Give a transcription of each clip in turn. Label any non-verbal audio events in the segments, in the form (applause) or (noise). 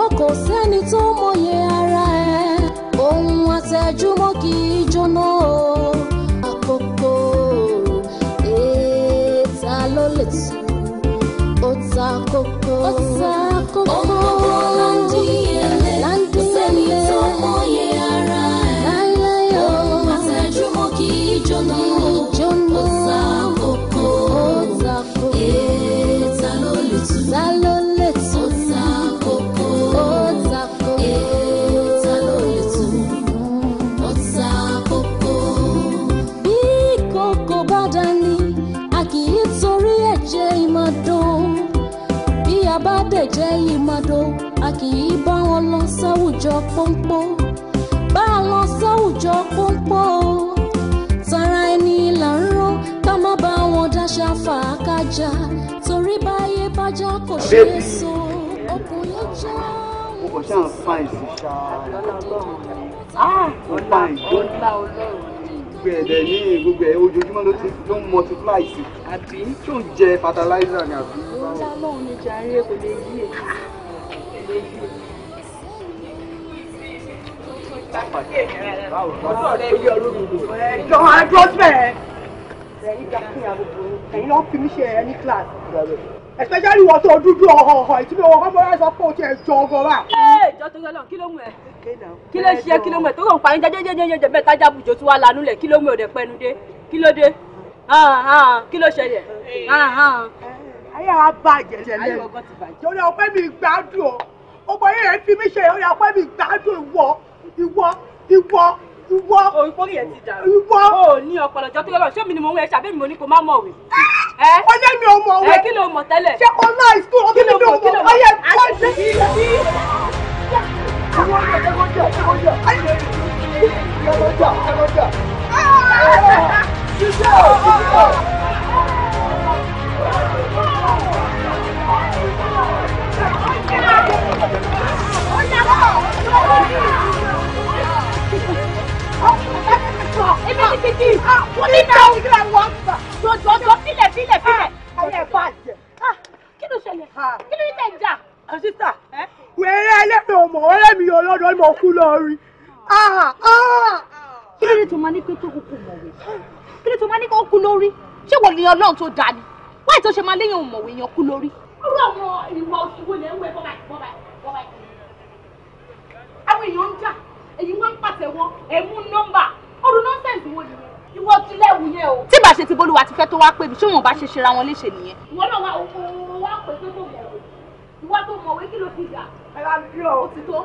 ṣùgbọ́n kò sẹ́ni tó mọyẹ ara ẹ̀ ohun àtẹ̀júmọ́ kì í jóná o àkókò èèta ló lè tu ó ta kókó ó ta kókó ó kókó ló ń dín. sáwùjọ pọ́npọ́ bá wọn sáwùjọ pọ́npọ́ tara ẹni là ká má bá wọn dáṣà fà á kájà torí báyé bájá kò ṣe é so okùn yóò já. mo kàn ṣáà ń ìsìn ṣáà. ọlá ah, ọlọ́run oh gbogbo ẹ̀ ní gbogbo ẹ̀ ojoojúmọ́ ló ti ló ń multiply sí. àbí. tó ń jẹ fertilizer ni àbí. ó ń dá lóhun ní jàre kò lè yí èyí. pàdé ọjọ́ ọ̀rẹ́ ga fún ìyàwó ẹ̀yin náà fi mí ṣe ẹ class. especially wọ́n tó dúdú ọ̀họ̀ọ̀họ̀ ìtúbí wọn kọ́ bọ́lá sọ pé o ti ẹ̀ jọ ọgọ́ wa. ìjọ tó yẹ lọ kí ló mú ẹ kí ló ṣe kí ló mú ẹ tó kàn pa yín jẹjẹjẹjẹjẹ bẹ́ẹ̀ tájà tí wàá lanú lẹ kí ló mú ẹ òde dé kí ló dé kí ló ṣẹlẹ̀ ayé wa bàjẹ́ torí ọpẹ́ mi gbádùn ọ ọmọ yẹn fi mí ṣe ìyá ìwọ ìwọ ìwọ òyìnbórí yẹn ti dàrú ìwọ ò ní ọ̀pọ̀lọpọ̀ tó lọ́wọ́ ṣé mi ni mo ń wẹ̀ ṣàbí mi mo ní kó má mọ̀ wẹ̀. ó lé mi ò mọ̀ wẹ̀ kí ló mọ̀ tẹ́lẹ̀ ṣé kò náà ìsú ọdún mi ò mọ̀ ọyẹ kọ́ ṣe kí ló dé. Oh, yeah. ah, ni kìkì mo ní náà kí lè wọ́n gbà jọjọjọ sílẹ̀ ah, sílẹ̀ ayé ẹ̀ bá jẹ kí ló ṣẹlẹ̀ kí ló ní tẹ̀ ń jà. àṣìṣà wẹ́rẹ́ ẹlẹ́mi ò mọ̀ ọ̀rẹ́ mi ọlọ́dọ̀ ni mo kú lọ rí. kí ló ní tó máa ní pé tó kúkú mọ̀wé kí ló tó máa ní kó kú lórí ṣé wọ́n ní ọlọ́run tó dáa ni wáyé tó ṣe máa léyìn òmọ̀wé yẹn kú lórí. irú àwọn ìwà òṣùwò lè ń wẹ bọ́bá ìbọ́bá ìbọ́bá ìbọ́bá àwọn èèyàn ń jà èyí wọ́n ń pàtẹ́wọ́ ẹ̀ mú nọ́mbà ọdún nọ́ńsẹ̀ǹsì wo ni ìwọ ti lẹ́wù yẹn o. tí bá ṣe ti bólúwa ti fẹ́ tó wá pè mí ṣé wọn bá ṣe ṣe ra wọn léṣe nìyẹn. ìwọ náà wá oko wá pè pé kò mọ̀wé ìwọ tó mọ̀wé kí ló fi gà ẹ̀rọ àbí ọ̀ ti tó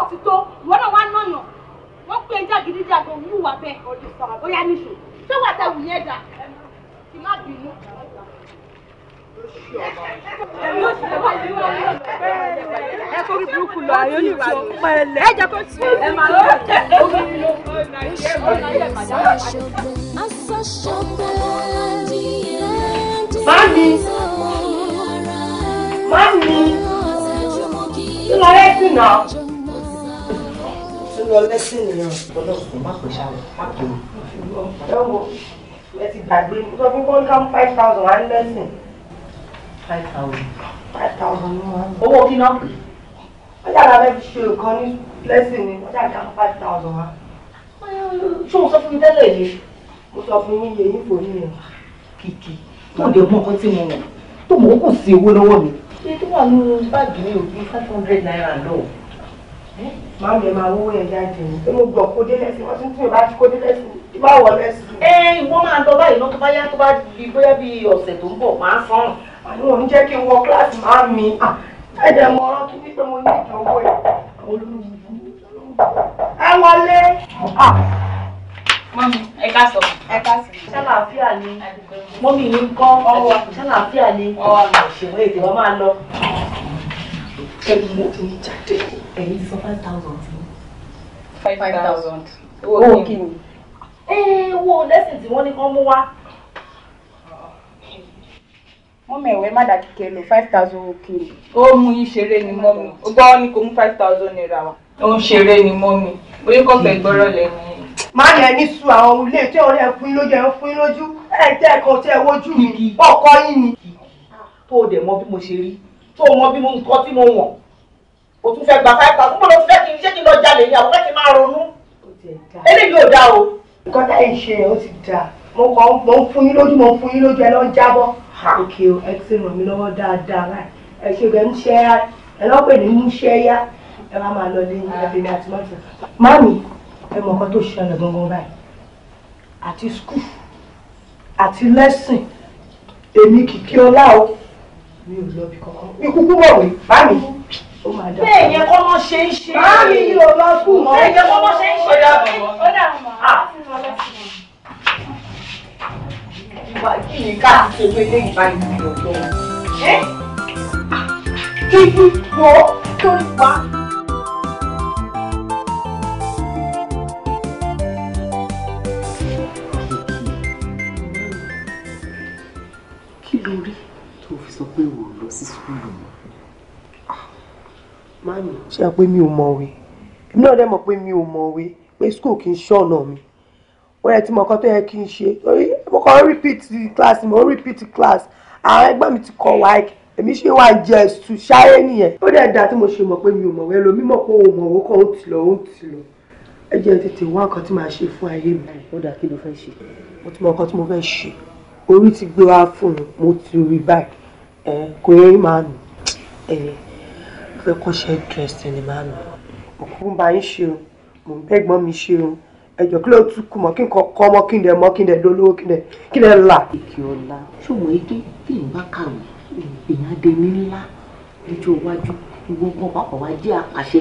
ọ̀ ti tó ìwọ náà wá nàyàn wọ́n pè é jàgídíjàgan wúwa bẹ́ẹ̀ ọ̀dùn sọ̀rọ̀ bóyá níṣó ṣé wàá tẹ̀wù yẹn dà kì má bínú ẹ kó rí burúkú lọ ayé ní ìwà pẹ̀lẹ́ ẹ jẹ kó tún ẹ máa lọ jẹ Mami! má pè ṣàlẹ̀, má pè mí. Ẹ ti gbàgbé, mo sọ fún Bọ́ńkà five thousand and lẹ́sìn five thousand. five thousand ló wà. owó kí náà pè. wọ́n yàrá bẹ́ẹ̀ ṣe nǹkan ní lẹ́sìn ni wọ́n yàrá five thousand wa. ṣé o sọ fún mi tẹ́lẹ̀ yìí. mo sọ fún yín yẹ̀yìn fò ní ìrìn. kìkì tó lè mọ ọkọ tí mo mọ tó mọ kò sí owó lọ́wọ́ mi. ṣé tó wà nínú báàgì mi ò bí five hundred naira lọ. Máàmì ẹ̀ máa wó yẹn jáde ni. Ṣé mo gbọ̀ kó dé lẹ́sìn? Wọ́n ti ń tún ìbá ti kó dé lẹ́sìn. Ìbá wọ̀ lẹ́sìn. Ẹ ìwọ máa lọ báyìí náà tó bá yá tó bá di bóyá bíi ọ̀sẹ̀ tó ń bọ̀ máa sán. àwọn ò kí n wọ kíláàsì máa mi ẹ̀jẹ̀ mọ ọ́n kí wípé mo ní ìdánwò ẹ̀ ẹ wọlé. mọ́mí ẹ ká sọ. ẹ ká sọ. ni mọ́mí yìí kọ́ ọwọ́ ṣàlàáfíà ni ṣèwọ́n èdè wọn máa lọ. ẹ̀yin mo ti ní jáde ẹ̀yin sọ five thousand. five thousand. owó kí ni. ẹ wo lẹ́sìn tí wọ́n ní mú wá. mọ́mí ẹ̀wẹ́ má dà kíkẹ́ five thousand òkèlè. ó mú yín ṣeré ni mọ́mí ó gbọ́ ọ́ ní kò mú five thousand naira wá. ó ń ṣeré ni mọ́mí orí kò fẹ́ gbọ́rọ̀ lẹ́nu má yẹ ní su àwọn ilé tí ọ̀rẹ́ fún yín lójú ẹ fún yín lójú ẹ tẹ ẹ kan tẹ ẹ wojú mi ọkọ yín ni. tó o dẹ̀ mọ bí mo ṣe rí tó o mọ bí mo nǹkan tí mo wọ̀n o tún fẹ́ gba five thousand mo lọ fẹ́ kí n ṣé kí n lọ jalè ni àwọn fẹ́ kí n máa ronú eléyìí ò dáa o. nǹkan táyì ṣe ó ti dáa mo kàn mo ń fún yín lójú mo ń fún yín lójú ẹ lọ ń jábọ́ òkè o ẹ ti ràn mí lọ́wọ́ dáadáa láì ẹ ṣe rẹ̀ ń ṣe ẹ ẹ lọ́pẹ̀ ní ń ṣe yá ẹ máa máa lọ lé ẹbí àti mọ́tò. Máàmì ẹ mọ nǹkan tó ṣẹlẹ̀ gangan báyìí àti skul àti lẹ́sìn èmi kìkì ọlá o mi ò lọ bí kankan mi kúkú bọ̀ wí báàmì ó máa dá. bẹ́ẹ̀ yẹn kọ́ mọ́ ṣe ń ṣe. báàmì yìí lọ skul mọ́. bẹ́ẹ̀ yẹn kọ́ mọ́ ṣe ń ṣe. ó dà mọ́ ó dà mọ́ ìwà kí ni káàkiri owó ilé ìbáyìí ní ọ̀dọ́ ẹ́ kí ló rí tó fi sọ pé wò lọ sí sùúrù mọ́ mami ṣe à pé mi ò mọ̀wé èmi náà dẹ̀ mọ̀ pé mi ò mọ̀wé pé school kì í ṣọ̀nà mi wọ́n yẹ tí mo kọ́ tó yẹ kí n ṣe kàn repeat class mo repeat class àwọn ẹgbẹ́ mi ti kọ̀ wá èmi ṣe wá jẹ ẹ̀sùn ṣáyé nìyẹn ó dẹ̀ dáa tí mo ṣe mọ̀ pé mi ò mọ̀wé lo mímọ̀ pé òun mọ̀wó kan ó ti lọ ó ti lọ ẹ jẹ́ tètè wá nǹkan tí màá ṣe fún ayé mi. ó dà kí ló fẹ́ ṣe. mo ti mọ nǹkan tí mo fẹ́ ṣe orí ti gbé wá fún un mo ti rí báyìí ẹ kò yẹ máa nù ẹ fẹ́ kọ́ ṣe dress ni máa nù. òkú ń bá yín ṣe o mò ń bẹ́gbọ́n mi ṣe o ẹjọ kí ló tún kù mọ kí n kọ kọ mọ kí n dẹ mọ kí n dẹ dolówó kí n dẹ kí n dẹ là. èkì ọ̀la ṣùgbọ́n èdè tí n bá kàwé èèyàn dé ní ńlá lójú iwájú gbogbo pàpà wá jẹ́ àpàṣẹ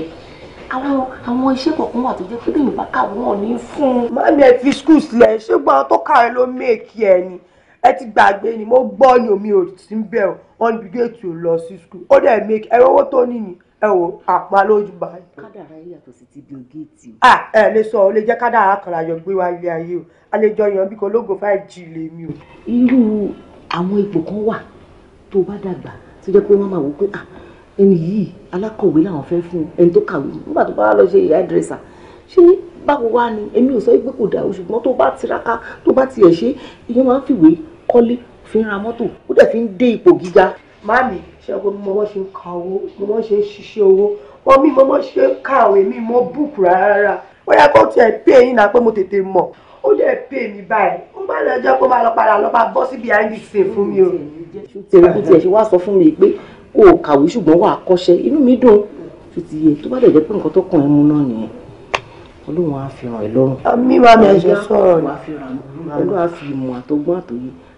àwọn iṣẹ́ kọ̀ọ̀kan wà tó jẹ́ pé èèyàn bá kàwé wọn ní fún un. mami ẹ fi skul sílẹ̀ ṣé gbọ́n tó kàwé ló mèkì ẹ ni ẹ ti gbàgbé ni mo gbọ́ ni omi ò sí bẹ́ẹ̀ wọn níbi gẹ́ẹ̀tì ò lọ sí skul ó dẹ̀ mèkì ẹ owó tó ní ni ẹ wo àpá lójú bá yìí. kádàrá yìí yàtọ̀ sí ti bill gates. à ẹ lè sọ ọ lè jẹ́ kádàrá kan láyọ̀ gbé wá ilé ayé o àlejò yan bí kò lógo five g lè mi o. irú àwọn ipò kan wà tó bá dàgbà tó jẹ́ pé wọ́n máa wò pé ah, ẹni yìí alákọ̀wé làwọn fẹ́ fún ẹni tó kàwé nígbà tó bá lọ ṣe ìyá ẹ̀dírẹ́sà ṣé báwo wá ni èmi ò sọ pé kò dà o ṣùgbọ́n tó bá tiraka tó bá tiẹ̀ ṣe ìyẹn máa ń fìwé kọ́lé fi ń ra mọ́tò ó dẹ̀ fi ń dé ipò gíga. máàmì ṣe pé ṣe ń ka owó mo ṣe ń ṣiṣẹ́ owó wọn mi mo ṣe ń ka àwọn èmi mo búùkù rárá ó yẹ kó tiẹ̀ pé yín náà pé mo tètè mọ̀ ó dẹ̀ pé mi báyìí ó má lọ jẹ́ kó má lọ padà lọ bá bọ́ sí behind the fún mi o. tèrè bí tiẹ̀ ṣe wá sọ fún mi pé kó kàwé ṣùgbọ́n wà á kọ́ṣẹ́ inú mi dùn tó ti yẹ tó bá dẹ̀ jẹ́ pé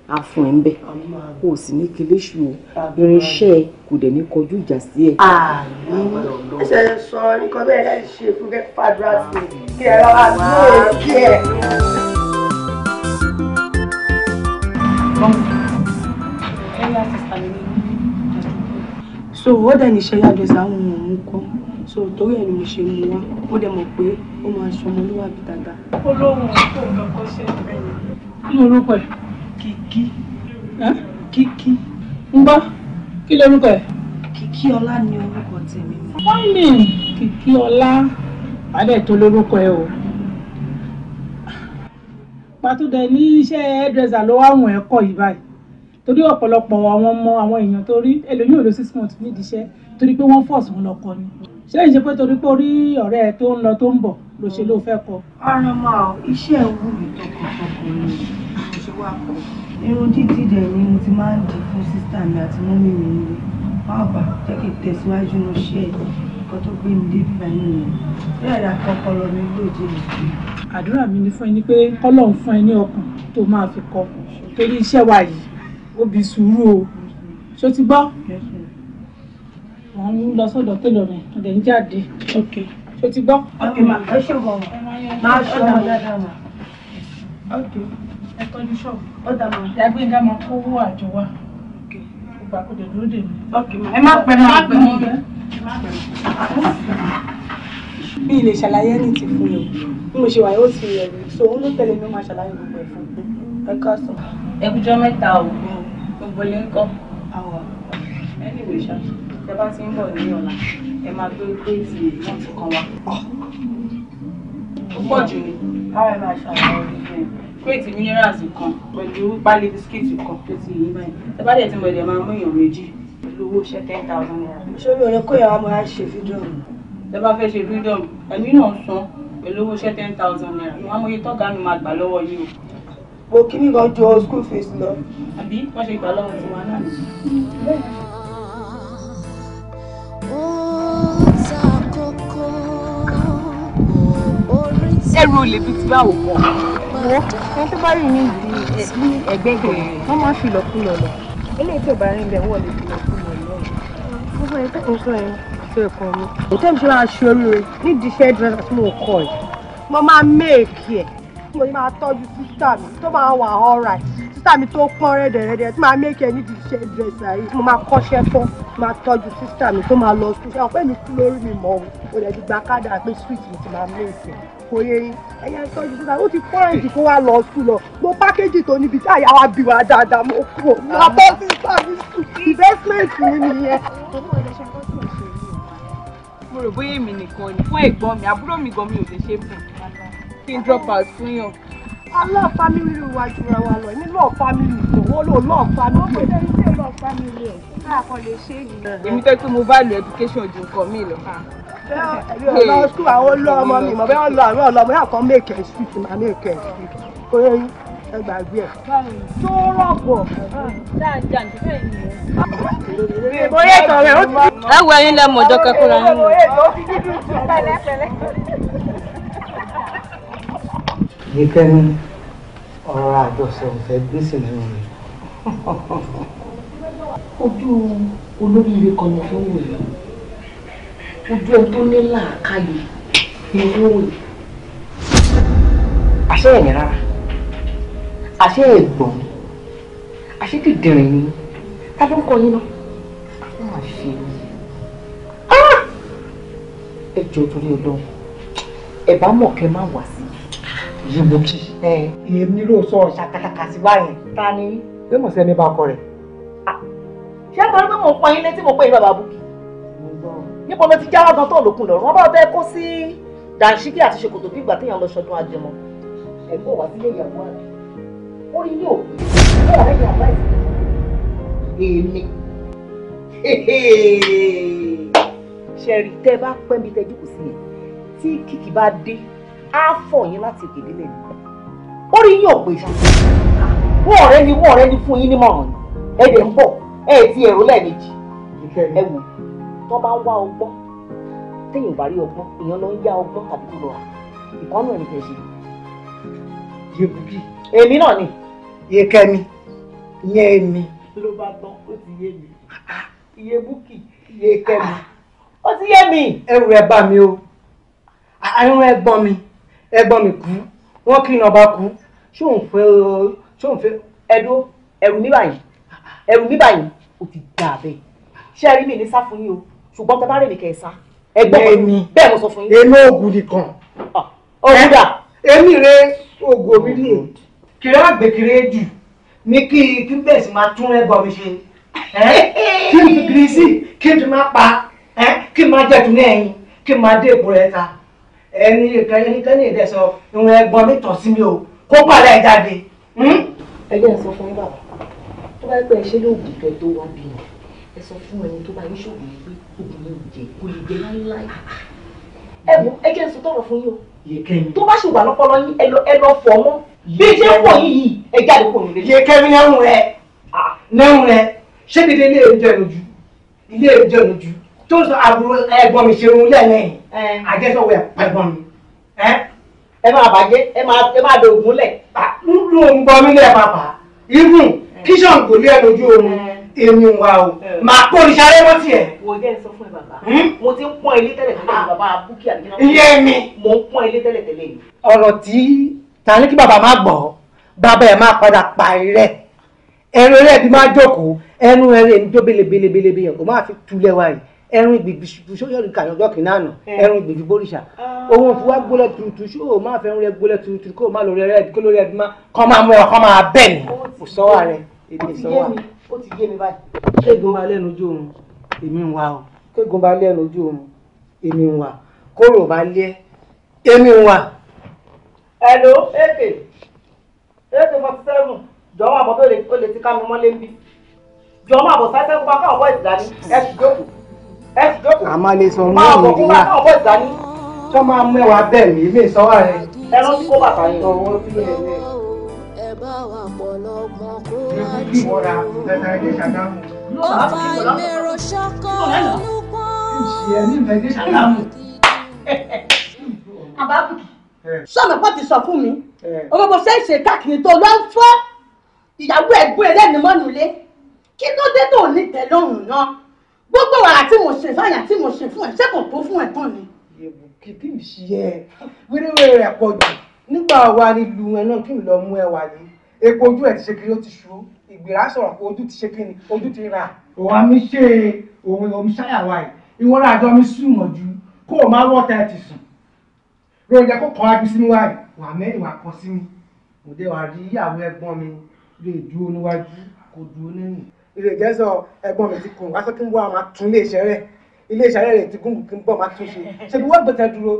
á fún ẹ ń bẹ̀ kó o sì ní kíléṣù irinṣẹ́ kò dẹ̀ ní kọjú ìjà sí ẹ. ẹ ṣe sọ nǹkan bẹ́ẹ̀ láti ṣe fún fẹ́ fàdúrà sí kí ẹ rọra sí e òkè ẹ. so ó dẹ̀ ní ṣe yàjọ sáwọn ohun ọ̀hún kan so torí ẹ̀ ni mo ṣe mú wá ó dẹ̀ mọ̀ pé ó máa ṣọmọlúwàbí dáadáa. olóhùn tó nǹkan kan ṣe ìgbẹ́yìn. kí ni orúkọ ẹ̀. Kìkì. Kìkì. ń bá kí lorúkọ ẹ. Kìkì Ọlá ni orúkọ tèmi. fáìlì Kìkì Ọlá àdẹ tó lórúkọ ẹ o. pàtó dẹ ní iṣẹ́ hairdresser ló wá àwọn ẹ̀kọ́ yìí báyìí torí ọ̀pọ̀lọpọ̀ àwọn ọmọ àwọn èèyàn tó rí ẹlòmíì ò lọ six months nídìí iṣẹ́ torí pé wọ́n fọ̀sùn lọ́kọ ni ṣé ìṣe pé torí pé orí ọ̀rẹ́ ẹ tó ń lọ tó ń bọ̀ ló ṣe ló fẹ́ kọ. ọ̀rọ̀ máa iṣẹ́ wù mí tọkàntọkàn ni mo ṣe wá kọ́ irun títí dẹ̀ ni mo ti máa ń dì fún sísá mi àti mọ́mí mi nílé pàápà jẹ́ kí n tẹ̀síwájú ní iṣẹ́ nǹkan tó gbé mi débi báyìí nìyẹn bẹ́ẹ̀ ni àkọ́kọ́rọ́ mi lóde ìlú. àdúrà mi ni fún ẹ ní pé kọ́lọ́run fún ẹ ní ọkàn tó máa fi kọ torí iṣẹ́ wa yìí ó bi sùúrù o ṣó ti gbọ́ wọ́n ń lọ sọ́dọ̀ télọ̀ mi ọ̀dẹ̀ ń jáde ṣó ti gbọ́. ọkè máa ẹ ṣe wọ̀ máa ṣọ́ ọ dáadáa máa ẹ tọ́jú ṣọ́ọ̀bù. ó dà mọ́. ìyá gbẹ̀ngà máa kó owó àjọ wa. ọgbà kò dé dúró dè mí. ẹ má pẹ́ mọ́ pẹ́ mọ́ bẹ́ẹ̀. mi lè ṣàlàyé ẹni tí fún mi o bí mo ṣe wà yóò ti rẹ̀ mi so òun ló tẹ̀lé mi ó máa ṣàlàyé gbogbo ẹ̀ fún mi ẹ ká sọ. ẹ mẹ́ta o gbogbo ilé ń kọ́. àwọn ẹni ìwé ṣá ẹ bá ti ń bọ̀ ní ọ̀la ẹ máa gbé péjì náà ti wá. ó pọ̀ jù ní. báwo ẹ máa ṣàlàyé ọdún yẹn kírètì minerals kan pẹ̀lú pálí bisikíìtì kan tó ti yí báyìí tẹ bá dẹ̀ ti mọ̀ ẹ̀dẹ̀ máa mú èèyàn méjì pẹ̀lú owó iṣẹ́ ten thousand naira. sórí ọ̀rẹ́ kó yàrá máa ṣe freedom. tẹ bá fẹ́ ṣe freedom ẹ̀mí náà san pẹ̀lú owó iṣẹ́ ten thousand naira wọ́n á mọ iye tọ́gà mi máa gbà lọ́wọ́ yìí o. wo kíní kan ju school fees lọ. àbí wọ́n ṣe gbà lọ́wọ́ tiwa náà nìyí. ẹrù olè bíi ti báwo kan wo ẹni tó bá rìn ní ìlú ẹgbẹ́ ìgbẹ́ wọ́n máa ń fi lọ́kùlọ̀ lọ eléyìí tó bá rìn bẹ́ẹ̀ wọ́n lè fi lọ́kùlọ̀ lọ. gbogbo ẹ̀ tó ń sọ yẹn tó ẹ̀kọ́ mi. òtẹ́ mi ṣe máa ṣe oríire nídìí iṣẹ́ dírẹ́sà tí mo kọ ẹ̀ mo máa méèkì ẹ̀ tí mo máa tọ́jú sísá mi tó máa wà ọ̀rà sísá mi tó pọ́n rẹ́dẹ̀rẹ́dẹ̀ tí máa méèkì ẹ̀ nídìí iṣẹ́ dírẹ́sà yìí tí mo máa kọ́ṣẹ́ fún máa tọ́jú sísá mi tó máa lọ sùn ọ̀pẹ́ mi kú lórí mi mọ́ o pé sweet mi ti máa méèkì ẹ̀ kò yé yín ẹ̀yà ń tọ́jú síta ó ti fọ́ọ̀rẹ́ǹtì kó wa lọ sùn lọ mo pákéjì tó níbi tí àyà wa bí wa dáadáa mo kú o mo bọ́ sí sáfíìsì investment mi nìyẹn. mo rò bóyá èmi nìkan ni fún ẹ̀gbọ́n mi àbúrò mi gan mi ò lè ṣe fún kí n drop out fún yàn. aláà fámìlì wa jura wa lọ nínú ọ̀ fámìlì ìṣòwò lò lọ́ọ̀ fámìlì. ó pè é ní ṣe lọ́ọ̀ fámìlì èmi tẹ́ mo bá lo education ju nǹkan mi lọ lọ sùkúl àwọn olú ọmọ mi mọ̀ bẹ́ẹ̀ lọ àwọn ọlọmọ yà kàn a street ma make a street kó yẹ yín ẹ gbàgbé ẹ. tó rọ̀pọ̀ dáadáa níbẹ̀ ni. ìbòye tọrẹ ó ti. láwùjọ yín lẹ́mọ̀ ọjọ́ kẹ́kọ̀ọ́ rẹ̀ nínú. yíkẹ́ni ọ̀rọ̀ àjọṣe ọ̀fẹ́ gbèsè nínú rẹ̀. ojú olóríire kan ni ó wò yìí ojú ẹni tó ní làákàyè ni wọ́n rè. àṣé ẹ̀yìn rárá àṣé ẹ̀gbọ́n àṣé kìdìrín ni ta ló ń kọ yín náà wọ́n máa ṣe é ẹ jọ torí Ọlọ́run ẹ bá mọ̀ kẹ́ máa wà sí yìí kí èmi ló sọ ṣàkàtàkà sí wáyé ta ni pé mọ̀ sí ẹni bá kọ rẹ̀ ṣé àgbàdo pé mo pa yín létí mo pé yín bàbá bùkì níbo ló ti já wá gan tó lókun lọ́rùn wọn bá bẹ́ẹ̀ kó sí dànsíkì àti ṣòkòtò bí ìgbà téèyàn lọ ṣọdún ajẹmọ. ẹ̀gbọ́n wá sílé ìyàwó rẹ̀ ó rí ní òkú ó rẹ̀ ní àbá ìsìn èmi. ṣẹ̀rí tẹ́ bá pẹ́ mi tẹ́jú kò sí yẹn tí kìkì bá dé á fọ̀ yín láti òkè délẹ̀ ni ó rí ní òpè ṣùgbọ́n wọ́n ọ̀rẹ́ ni wọ́n ọ̀rẹ́ ni fún yín nímọ̀ràn ẹ̀dẹ̀ ẹ̀ ti ẹ̀rọ lẹ́ẹ̀mejì ẹ̀ wò ó tó bá ń wá ọgbọ́n téèyàn bá rí ọgbọ́n èèyàn lọ ń yá ọgbọ́n àbí tó lọ rà ìkọ́nù ẹ̀ ní ṣe. yebugi. èmi náà ni. yekemi yẹ èmi. ló bá tán ó ti yé mi. Ah. yebugi yekemi. Ah. ó ti yé mi. ẹrù ẹ bá mi o àrùn ah, ẹ̀gbọ́n mi ẹ̀gbọ́n mi kú wọn kì í nà ọba kú ṣé òun fẹ́ ṣé òun fẹ́ ẹdó ẹrù mi báyìí ẹrù mi báyìí ó ti dà bẹ́ẹ̀ ṣé ẹ rí mi ní sáfún yín o ṣùgbọ́n tẹ bá rèmi kẹ ẹ sá ẹgbẹ́ mi bẹ́ẹ̀ mo sọ fún yín. èmi oògùn nìkan. ọ̀hún ah, oh, dà. èmi rè oògùn omi lè. kìrẹ́ wà gbẹ̀kìrẹ́ jù ní kí kí bẹ́ẹ̀ sì máa tún ẹgbọ́n mi ṣe kí n fi gírísì kí n fi máa pa kí n máa jẹ́ tún ẹyin kí n máa dé èkó rẹ ta ẹni kan ẹni kan ní ìdẹ́sọ ìwọ̀n ẹgbọ́n mi tọ̀ sí mi o kó pàlẹ́ ẹ̀ jáde. Hmm? ẹgbẹ́ ẹ̀ sọ fún bàbá tó bá pẹ́ ṣe lóògùn kẹ́ tó wá bí mi sọ fún ẹni tó bá yín ṣòwò yìí pé obìnrin ò jẹ kò lè jẹ láíláí. ẹ wo ẹ jẹ́ n sọ tọrọ fún yín o tó bá ṣì wà lọ́pọlọ yín ẹ lọ fọ̀ mọ́ bí ṣe ń wọ̀ yín yìí ẹ jáde kò nílé. Yékémi nẹ́hùn rẹ̀ nẹ́hùn rẹ̀ ṣé dídé ilé ẹjọ́ ìnojú ilé ẹjọ́ ìnojú tó ń sọ àbúrò ẹ̀gbọ́n mi ṣe òun lẹ́yìn àjẹsọ̀wẹ̀ ẹ̀gbọ́n mi ẹ máa bàjẹ́ ẹ máa dògùn lẹ̀. lóun gbọ́ mi lẹ́ẹ̀ pàpà igun kíṣàn kò lé ẹ lójú oorun èmi wa o máa kó oníṣàlẹ̀ mọ́ tiẹ̀. wò ó jẹ́ sọ fún ẹ bàbá hm? mo ti ń pọ́n ilé tẹ́lẹ̀ tẹ́lẹ̀ bàbá búkì àdìgínà. iye mi. mo ń pọ́n ilé tẹ́lẹ̀ tẹ́lẹ̀ yìí. ọ̀rọ̀ tí ta ni kí bàbá má gbọ́ bàbá ẹ̀ máa padà pa rẹ̀ ẹnu rẹ̀ bí máa jókòó ẹnu rẹ̀ ń dó belebelebelebe yẹn kò máa fi tulẹ̀ wáyé ẹrun ìgbìgbì sóyọrì kàyọjọ kìnínní àná ẹrun ìgbìgbì bóríṣà òun ah. fi wá gbólẹ tuntun ṣó o máa fẹ́ ń rẹ gbólẹ tuntun kó o máa lórí ẹbí má kọ́ máa mú ẹ kọ́ máa bẹ̀ ní kò sọ́wọ́ rẹ èmi sọ́wọ́ rẹ ó ti yé mi báyìí. kéegun bá lẹ́nu ojú oorun èmi ń wá o kéegun bá lẹ́nu ojú oorun èmi ń wá kóró bá lé èmi ń wá. ẹ̀lò èkè èkè forty seven jọ̀wọ́ àbọ̀ tó lè ti ká mi mọ́lé ń bí jọ̀wọ́ àbọ̀ sáṣẹ́ fún wa káwọn bọ́ ìdání ẹ sì jókòó ẹ sì jókòó. àmọ́ lè sọ mọ́ ìrìn náà máa bọ̀ fún wa káwọn bọ́ ìdání. sọ bẹ́ẹ̀ mi mi sọ wà rẹ. ẹran tí kò bàtà yẹn. ọwọ́ bí ẹ lẹ ìmọ̀ra pọ̀ ti sọ fún mi ọmọ bó ṣe káàkiri tó lọ ń fọ́ ìyàwó ẹ̀gbọ́n ẹlẹ́ni mọ́nu kí ló dé tó ní tẹ́lọ́rùn náà gbogbo wàrà tí mo ṣe fáyà tí mo ṣe fún ẹ ṣé kò tó fún ẹ tán ni. èèwọ̀ kìkì ń ṣe ẹ wíríwèrè rẹ̀ pọ̀ jù nígbà wa nílùú ẹ náà kí n lọ mú ẹ wà ní epo ojú ẹ̀ ti ṣe kiri ó ti ṣu ìgbéra sọ̀rọ̀ pé ojú ti ṣe kiri ojú ti rà. òun àmì ṣe òun lòun ṣàyàwá ẹ̀ ìwọ́n náà àjọ mi sùn mọ̀ ju kó o máa wọ́ta ẹ̀ ti sùn. lórí jẹ́ kó kọ́ wá bí sínú wáyé wà mẹ́rin wà kan sí mi mo dé wà rí ìyàwó ẹ̀gbọ́n mi lè dúró níwájú kò dúró lẹ́yìn. ilé ìjẹ́sọ̀ ẹ̀gbọ́n mi ti kùn wá sókè ń wá máa tún ilé iṣẹ́ rẹ̀ ilé iṣẹ́ rẹ̀ ti gúngùn kí n bọ̀ máa tún ṣe ṣe bí wọ́n gbẹ̀tẹ̀ dúró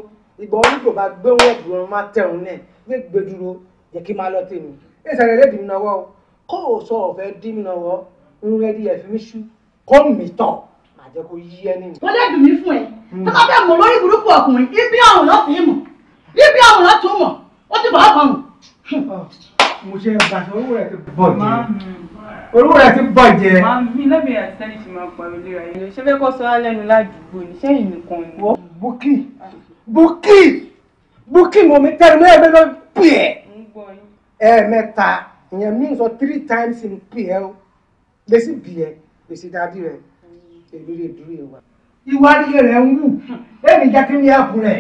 ìgbà orí kò bá gbé wọn dúró ẹsẹ̀ rẹ̀ lẹ́dìí mi náwó o kó o mi náwó ń rẹ́ di ẹ̀fí mi ṣú kó mi tàn má jẹ́ kó yí ẹni. wọ́n lẹ́dùn mí fún ẹ hmm. tó bá mọ̀ lórí burúkú ọkùnrin ibi ọ̀run ló fi mọ̀ ibi ọ̀run ló mọ̀ ó ti bọ̀ ọkàn mọ̀. mo ṣe bàtà owó rẹ ti bọ̀jẹ̀ owó rẹ ti bọ̀jẹ̀. màá mi lóbìnrin àti sẹ́ni ṣì máa yìí ṣé fẹ́ kó sọ á ládùúgbò ní sẹ́yìn nìkan ni. Bukky Bukky Bukky mo mi tẹ́lẹ̀ mọ́ ẹ ẹ̀ẹ̀mẹ́ta ìyẹn means of three times in pl lẹ́sì bìẹ́ lẹ́sì dájú rẹ̀ èdúrè èdúrè wa. ìwárí rẹ̀ ń wù èmi jẹ́ kí n yẹ ẹ̀pù rẹ̀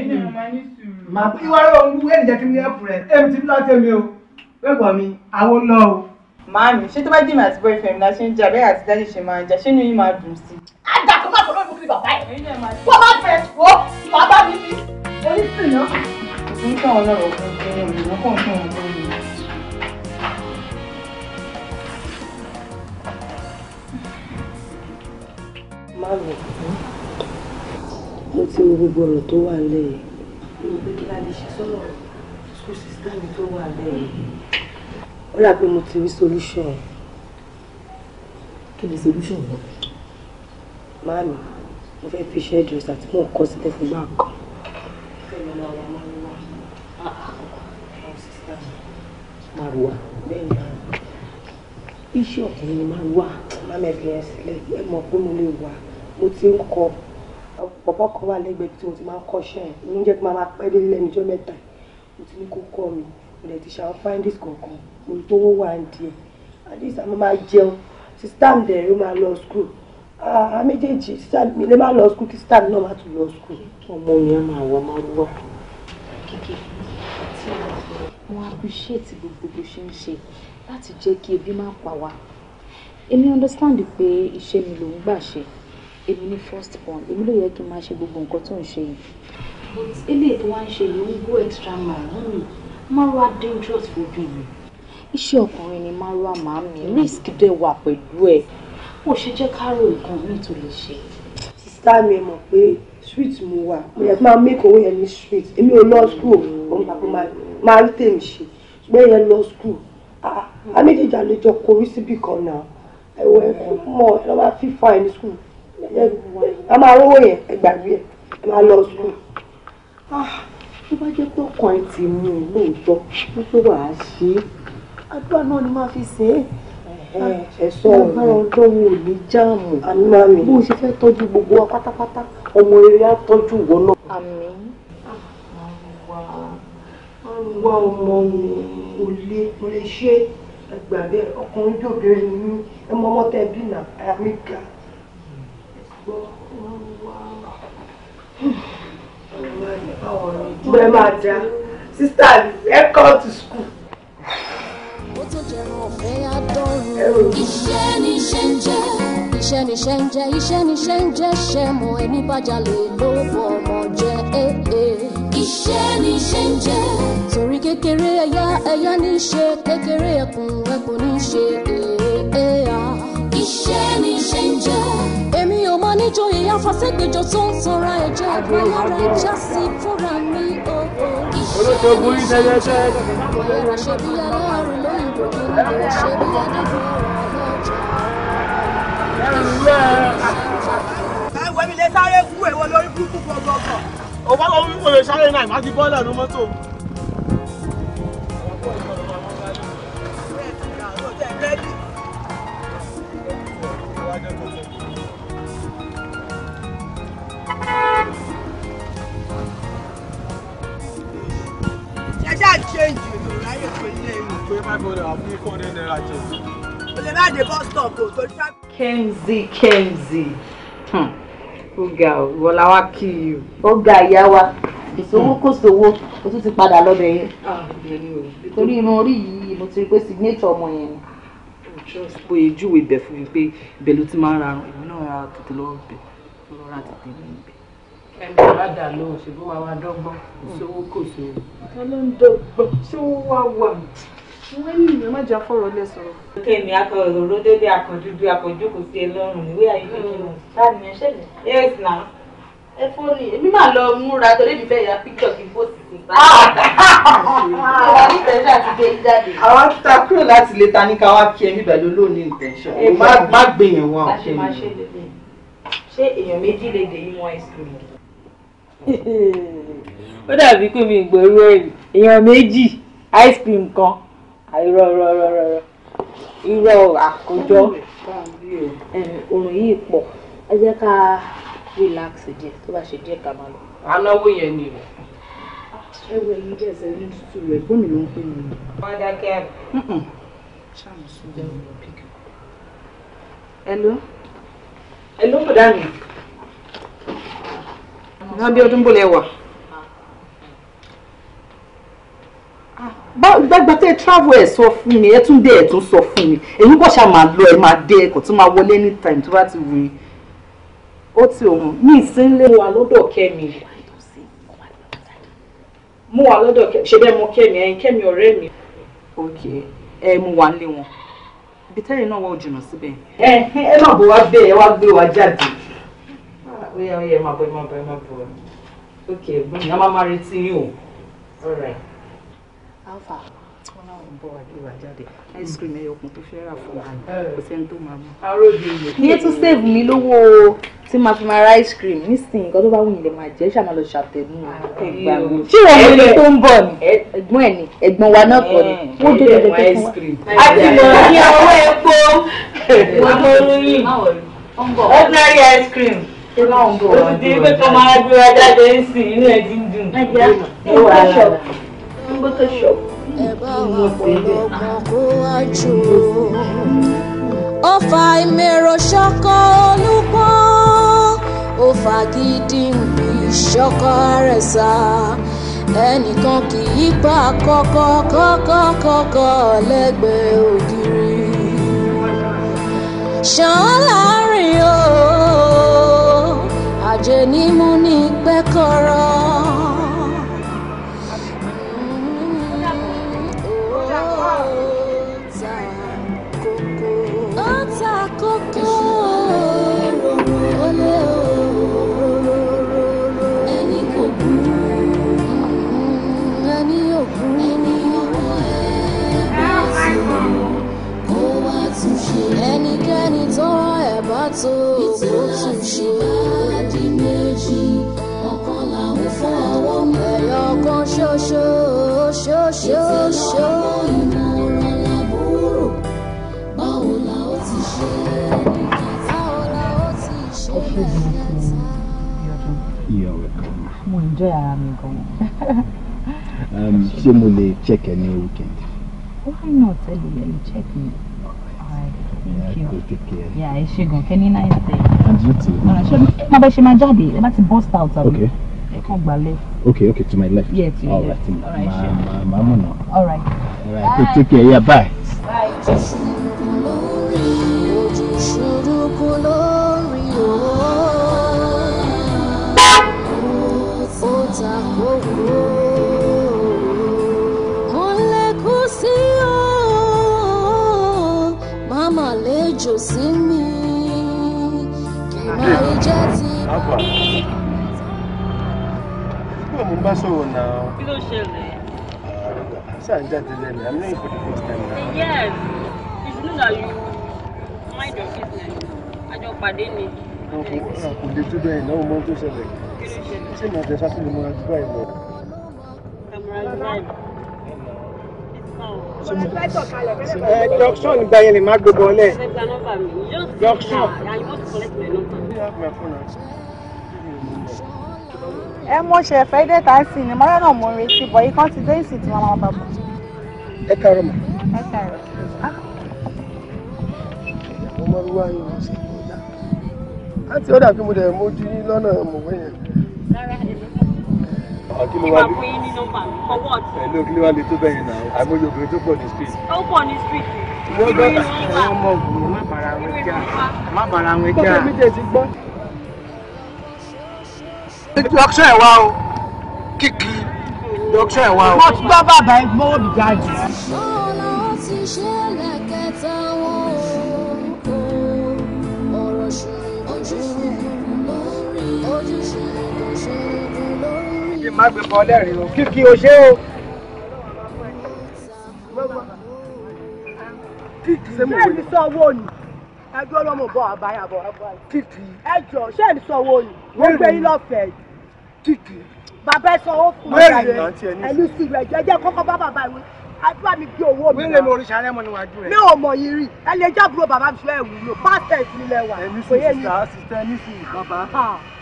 màá pé ìwárí rẹ̀ ń wù èmi jẹ́ kí n yẹ ẹ̀pù rẹ̀ èmi ti lọ́ọ́ tẹ̀mí o wẹ́gbọ̀n mi àwọn lọ o. màámi ṣé tó bá jìnnà àti boyfriend la ṣe ń jà bẹ́ẹ̀ àti dájú ṣe máa ń jà ṣé inú yín máa dùn sí. á dà kó má kó lóyún kiri bàbá ẹ̀ kó má fẹ́ wo bàbá mi ní onísìn náà. òkú ń tàn ọ́ Mami, mo ti mọ gbogbo ọ̀rọ̀ tó wà lẹ́yìn. Mo pé kí la lè ṣe sọ́nà school system tó wà lẹ́yìn. Ó rà pé mo ti rí solution. Kí ni solution náà? Mami, mo fẹ́ fi iṣẹ́ ìdírẹ́sà tí mò ń kọ́ sílẹ̀ fún gbà kan. Ah, ah, ah, màrúwà. Iṣẹ́ ọkùnrin ni màrúwà. Mami ẹ̀ fi ẹ̀ sílẹ̀, ẹ mọ̀ pé mo lè wà mo ti ń kọ bàbá kan wà lẹ́gbẹ̀ẹ́ tí mo ti máa ń kọ́ṣẹ́ ẹ̀ ń jẹ́ kí máa pẹ́ dé lẹ́nu ọjọ́ mẹ́ta mo ti ní kó kọ́ mi mo ti ṣàwọn findings kọ̀ọ̀kan mo rí tó wà díẹ̀ at àmọ́ máa jẹun sísítà mi dẹ̀ ló máa lọ school a méjèèjì mi lè má lọ school kí sísítà náà má tún lọ school. ọmọ mi á máa wọ máa wọ. kíkì tí mo appreciate gbogbo bó ṣe ń ṣe láti jẹ́ kí ebi má pa wá èmi understand pé iṣẹ́ mi ló ń gbà ṣe èmi ni first born èmi ló yẹ kí n máa ṣe gbogbo nǹkan tó ń ṣe yìí. but eléyìí tó wá ń ṣe yìí ń go extra mile wọ́n mi márùá dangerous fojú mi. iṣẹ́ ọkùnrin ni márùá máa mi risk dẹ̀ wà pẹ̀lú ẹ̀ ó ṣe jẹ́ ká ro nǹkan míì tó lè ṣe. sísá mi mọ̀ pé street mo wà mo yẹ kí n máa make owó yẹn ní street èmi ò lọ school òun pàpọ̀ máa rí tèmi ṣe ṣùgbọ́n yẹn lọ school ah, ah, a méjèèjì àlejò kò rí síbì kan náà ẹ̀wọ̀ ẹ̀fọ́ mọ̀ ẹ̀ lọ́ bá ẹ̀ ní a máa rówó yẹn ẹ gbàgbé ẹ ẹ máa lọ sùn ah, tó bá jẹ́ pé ọkàn ẹ ti mú un lóòótọ́ wípé wàá ṣe é àdúrà náà ni máa fi ṣe é ẹ̀sọ́ agbára ọlọ́run ò ní jáàmù bó ṣe fẹ́ tọ́jú gbogbo wa pátápátá ọmọ rere á tọ́jú ìwọ náà. àmín wá ọmọ mi kò lè kò lè ṣe ẹgbàgbé ọkùnrin jòbìnrin mi ẹ mọ ọmọ tẹ bí nà àyà mi ga bẹ́ẹ̀ máa dá sísá ẹ kọ́ to school. iṣẹ́ ni iṣẹ́ ń jẹ́ iṣẹ́ ni iṣẹ́ ń jẹ́ iṣẹ́ ni iṣẹ́ ń jẹ́ ṣẹ́ mọ ẹni bájà lè ló bọ̀ ọmọ jẹ́ eh, eh. iṣẹ́ ni iṣẹ́ ń jẹ́ torí kékeré ẹ̀yà ẹ̀yà ní ṣe kékeré ẹkùn ẹkùn ní ṣe eh, ah iṣẹ́ ni ṣe ń jẹ́. èmi ò máa níjó ìyá fàṣẹ́gbẹ̀jọ tó ń tanra ẹ̀jẹ̀ bóyá rẹ̀ já sí fúnra mi o. olóṣèlú ogun yìí tẹ́lẹ̀ tẹ́lẹ̀. ìrora ṣe bí aláàrùn lóyìnbó kí n lè ṣe bí ẹdínwó ọ̀rọ̀ ọjà. ẹ̀rù rẹ̀. ẹ̀wẹ̀ mi lè sáré kú èwo lórí kúkú gbọ̀ngàn. òbá lọ mú kò lè sáré náà má ti bọ́ lẹ́nu mọ́tò. ò tọ́jú àbí. Kenzi Kenzi hmm. ó ga ọ wọlá wa kí i o. ó ga ìyá wa ìṣòwò kò sówó o tún ti padà lọ́bẹ̀ yẹn. Ah, torí inú orí yìí mo ti rí pé signature ọmọ yẹn ni. bó oh, ye júwe ibẹ̀ fún mi pé ibẹ̀ ló ti máa ń rarun èmi náà ra tètè lọ́wọ́ ibẹ̀ lọ́wọ́ ra tètè ní ibẹ̀. ẹni bá dà lóhùn ṣùgbọ́n máa wá dọ́gbọ́n hmm. ìṣòwò kò sówó. ta ṣé wọ́n wá wà wọ́n ní ìyẹn má jà fọ̀rọ̀ lẹ sọ̀rọ̀. kẹ́mi akọ̀rọ̀ dédé akọ̀dúdú akọ̀jókòó sí ẹ lọ́rùn níwé ayé kékeré. láti ní ẹṣẹ́ mi. yes na. ẹ fóònù èmi máa lọ múra torí mi bẹ́ẹ̀ ya píkítọ̀ kí fóònù ti a ah! àwọn onítẹ̀sí àti gbé jáde. àwọn ta kúrò láti lè ta ní ká wá kí ẹmí bẹ̀lú lónìí intention. má gbìyàn wọn ọ̀kẹ́ mi. ṣé èèyàn méjì lè dè yín wọn ẹ̀sìn ó dàbí pé mi ìgbòrú ẹ̀rì èèyàn méjì ice cream kan àìrọ̀ rọ̀ rọ̀ rọ̀ irọ́ àkójọ òrùn yìí pọ̀ ẹ jẹ́ ká relax díẹ̀ tó bá ṣe díẹ̀ ká máa lọ. anáwó yẹn ni o. ẹwẹ yìí dẹ̀ ṣe ní tútù rẹ̀ bómi ló ń pè mí. wọ́n dákẹ́ ẹ̀. ṣáàmù sùn jẹ́ òun lọ píkì. hello. hello bùdá mi. náà bí ọdún bó lẹ gbàgbà tẹ travel ẹ sọ fún mi ẹ tún dé ẹ tún sọ fún mi èyí kò ṣáà lọ ẹ máa dé anytime tó bá ti wù yín ó ti òun ní ìsínlẹ̀ mo wà lọ́dọ̀ kẹ́mi mo wà lọ́dọ̀ kẹ́mi ṣe bẹ́ẹ̀ mo kẹ́mi mi. ok ẹ mo wà ń lé wọn ibi náà jìnnà síbẹ̀. ẹ ẹ wa jáde. Ah, ó ó má bọ̀ ẹ má bọ̀ ẹ má Alpha, wọn náà ń bọ àdúrà ice cream ẹyọkùn tó fẹ́ rà fún mi kò sẹ́ni tó máa mú. ìyẹn tún save mi lówó tí màá fi máa ra ice cream nísìnyí nǹkan tó bá wùnyìn lè máa jẹ́ ṣáà máa lọ ṣàtẹ̀mú ẹgbàá mi. ṣé ìwọ mi ni tó ń bọ̀ ni ẹ̀gbọ́n ẹ̀ ni ẹ̀gbọ́n wa náà kọ́ ni ó dé dé dé fún wa. a ti mọ̀ ní ọwọ́ epo ọmọ orin ordinary ice cream ó ti di pé kọ́ máa gbéra jáde ń sìn inú ẹ̀ dídùn. ẹ jẹ́ ẹ wà á bọ́tọ̀ ṣọ́ọ̀bù mo bẹ̀rẹ̀ ó fa ìmẹ̀rọ ṣọkọ olúpọ̀ ó fa gidi nbí ṣọkọ àrẹ̀sà ẹnìkan kì í pa kọ́kọ́ kọ́kọ́ kọ́kọ́ lẹ́gbẹ̀ẹ́ ògiri ṣàn láàrin o àjẹnímú ní pẹ́kọ̀rọ̀. tó kó um, check ẹ weekend? Why not? Ẹ lè check me. Yeah, ẹ ṣe gan kẹ́ni náà ẹ tẹ̀. And you too. Ṣé máa bẹ ṣe máa jáde ẹ bá ti burst out um, Okay. Okay, okay, to my left. Yeah, to your left. Alright, màá màá mú nà. Alright. Alright, take care, yeah, bye. Bye. Ó jò sí mi kì ah. má lè jẹ́ ti bá mi. Bọ́ọ̀ mo bá sọ̀rọ̀ náà. Kí ló ṣẹlẹ̀? Sáà ń jáde lẹ́nu, I'm not for the first time now. Yes, It's not that you mind your business. Àjọ pàdé ni. Kò lè tó bẹ́ẹ̀ náà, ó mọ tó ṣẹlẹ̀. Kí ló ṣẹlẹ̀? Ṣé màá tẹ sáfìlì mọ́ra Dubai lọ? Kàmúrà Dubai. Eh, junction nígbà yẹn lè má gbé bọ́lẹ̀ junction. ẹ mọ ṣe dé tá a sì ní mọ́rẹ́ náà mo retí bọ̀ yìí kan ti dé ìsìn tí wọ́n máa bá bọ̀. ẹ kàárọ̀ mọ́. ẹ kàárọ̀. Ah. mo máa ń wá yín lọ sí ìgbọ̀dá. láti ọ̀dà pé mo dẹ̀ mojú yín lọ́nà mọ̀wé yẹn. rárá ẹ̀mí. Ah, kí wàá pè é ní nọ́mbà mi for what. pẹ̀lú kí wàá lè tó bẹ́yìn náà àìmọye obìnrin tó pọ̀ ní street. ó pọ̀ ní street. wọ́n gbọ́ àwọn ọmọ ògùn má bàrà wọn jà má bàrà wọn jà. bọ́sẹ̀ mi tẹ̀ sí gbọ́. dọ́kítà ẹ̀ wá o kíkì dọ́kítà ẹ̀ wá o. mo ti gbọ́ bàbá ẹ̀ mọ́wọ́ more, jáde. ọ̀nà ti ṣẹlẹ̀ kẹta wọn ò ọ̀rọ̀ ṣùgbọ́n ojú ṣùgbọ́n lórí ojú ṣùgbọ́n má gbé bọ́ lẹ́rìn o kìkì o ṣé o. ṣé ẹni sọ owó ni ẹjọ́ ọlọ́mọ bọ̀ àbáyàbọ̀ ẹjọ́ ṣé ẹni sọ owó ni wọ́n gbé yín lọ́fẹ̀ẹ́ bàbá ẹ sọ owó fún mi ẹni sùúrù ẹjọ́ ẹjẹ́ kọ́kọ́ bá bàbá ìwé àdúrà mi bí owó mi. wíńlẹ̀ mi oríṣi arẹ́mọ ni wàá dùn rẹ̀. mi ò mọ̀ yìí rí ẹ lè jábúrò bàbá mi ṣùgbọ́n ẹ wúlò pásítẹ̀t nílẹ̀ wa. ẹ̀mí sì ti sà sísẹ ní sí bàbá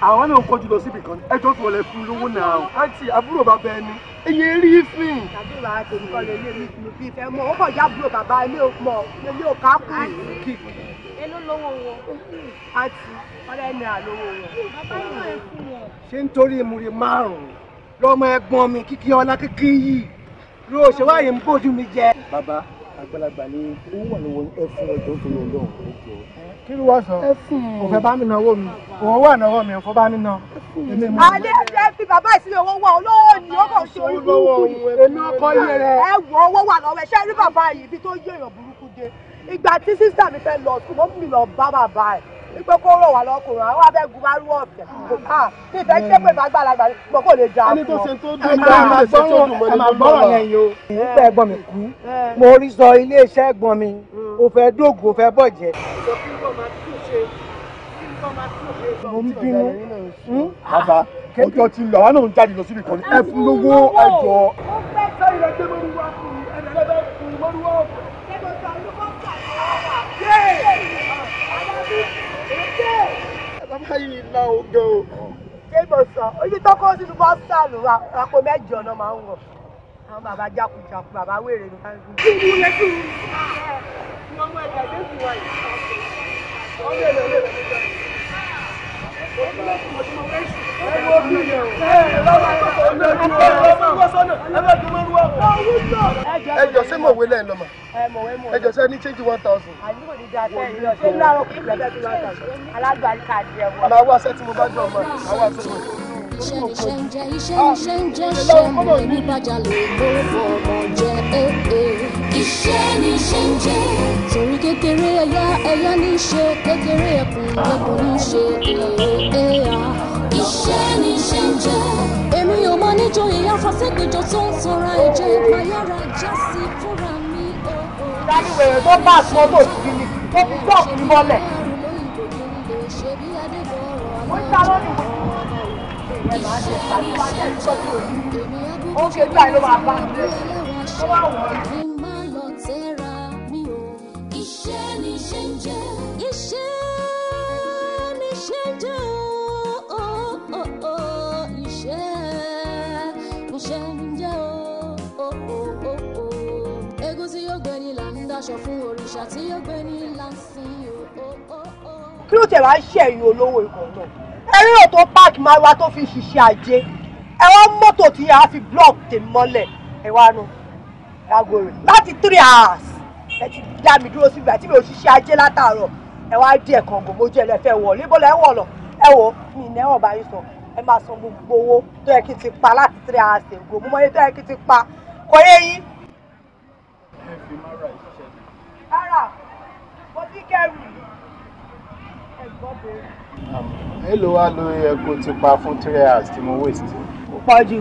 àwọn náà kojú lọ síbi kan ẹjọ́ tó lẹ fún lówó náà àǹtí àbúrò bàbá ẹni èyí rí fín. àbúrò àti olùkọ́ lè lé mi fi fẹ́ mọ́ ó kọ̀ jábúrò bàbá ẹni ò mọ̀ ẹni ò káàkù. àǹtí èló lówó wọn. àǹtí ọ̀rẹ́ náà lówó wọn. bàbá yóò ẹ fún wọn. ṣé nítorí mo rí márùn-ún lọ́mọ ẹ̀gbọ́n mi kíkí ọlá kíkí yìí ro òṣèwà yìí ń bójú mi jẹ. bàbá àgbàlagbà ni owó wà lọ́wọ́ ẹ fún ẹjọ́ tó lọ lọ́wọ́ ẹjọ́. kí ló wá sọ òfẹ bá mi náwó mi òun wà náwó mi òfò bá mi ná. alẹ́ ẹ fi bàbá ìsílẹ̀ owó wà olówó ni ó kàn ṣe orí burúkú ni. èmi ọkọ yẹ rẹ. ẹ wọ owó wà lọ́wọ́ ẹ ṣe rí bàbá yìí ibi tó yé èèyàn burúkú dé ìgbà tí sísá mi fẹ́ lọ sùn mọ́ mi lọ bá bàbá ẹ̀ wípé kó rọ̀ wá lọ́kùnrin àwọn abẹ́ gun bá rú ọ̀tẹ̀ kò ká kí ìfẹ́ ṣe pé màá gbàlagbà ni mo kò lè jà fún ọ. ẹni tó ṣe tó dùn mọ́ ẹni tó ṣe tó dùn mọ́ ẹni tó lọ́rọ̀ yẹn yo. ìgbà ẹ̀gbọ́n mi kú mo rí sọ iléeṣẹ́ ẹ̀gbọ́n mi ò fẹ́ dóògùn ò fẹ́ bọ̀jẹ́. mo ń bínú. Hmm? Hmm? Ah, bàbá ọjọ́ ti lọ àwọn náà ń jáde lọ sí ìkànnì ẹ lówó ẹjọ́. ó fẹ́ sẹ́yìn ẹgbẹ́ mọ́rúwá fún ẹ̀rẹ́ yìí lọ ògè o. ojú tó kó sínú bọ́sàlù àpò mẹ́jọ náà máa ń wọ̀ àwọn bàbá jákujàku bàbá wèrè ní káńtì. kí ni wọ́n ti ń ọmọ ẹ̀dá dé sí wa yìí. ọmọ ẹ̀dá dé sí wa yìí ẹjọ ṣé mọ̀wé lẹ́yìn lọ́mọ ẹjọ ṣé ní change one thousand. àdúgbò ní dáa tẹ́ ẹ̀yọ́ ṣé láàárọ̀ kò gbẹ́dẹ́ tó wá kàn alágbà káàdì ẹ̀ wọ. màá wá aṣẹ́ tí mo bá jọ ọmọ àwọn àtúntò. Iṣẹ́ iṣẹ́ ń iṣẹ́ iṣẹ́ ní bàjá lè ló fọmọ jẹ ee. Iṣẹ́ ni iṣẹ́ ń jẹ. Torí kékeré ẹ̀yà ẹ̀yà ní ṣe kékeré ẹ̀kún ẹ̀kún ní í ṣe ee iṣẹ́ ni iṣẹ́ ń jẹ́. èmi ò mọ níjọ èèyàn fàṣẹ́gbèjọ tó ń sanra ẹ̀jẹ̀ ìpayára já sí fúnra mi. ìdániwèrè oh, oh. tó bá àtúmọ̀ tó ti di ni tó fi tọ́ọ̀kì ní mọ́lẹ̀. mo ń ta lónìí wọ́n. ó ṣe bí àìló máa bá ń lé. ó wà wọ́n tẹ́ra mi o. Iṣẹ́ ni ṣe ń jẹ́. Iṣẹ́ ni ṣe ń jẹ́. aṣọ fún òrìṣà tí yóò gbé ní láǹsìn o. kí ló tẹ̀ wá ń ṣe ẹ̀yìn olówó ìkọ̀ náà ẹ̀rí ò tó páàkì máa wá tó fi ṣiṣẹ́ ajé ẹ̀wọ̀n mọ́tò tí a fi block tèmi mọ́lẹ̀ ẹ̀wọ̀n àná ìyàgò rẹ̀ láti three hours ẹ ti dá mi dúró síbi àti mi ò ṣiṣẹ́ ajé látàárọ̀ ẹ̀wọ̀n á díẹ̀ kan gò mójú ẹlẹ́fẹ́ wọ̀ níbọ̀lẹ̀ ẹ̀wọ̀n lọ ẹ̀wọ̀ mi ìnẹ́wọ̀n bá yín sọ ẹ máa san gbogbo owó tó yẹ kí n ti pa láti three hours ago mo mọ iye tó yẹ kí n ti pa kọ́ yé yín. ẹ fi má ra ara mo ti kẹrù ẹgbọ́dọ̀. èlò um, wa lo ẹ̀kọ́ ti pa fún three hours tí mo waste. ó pọ̀ jù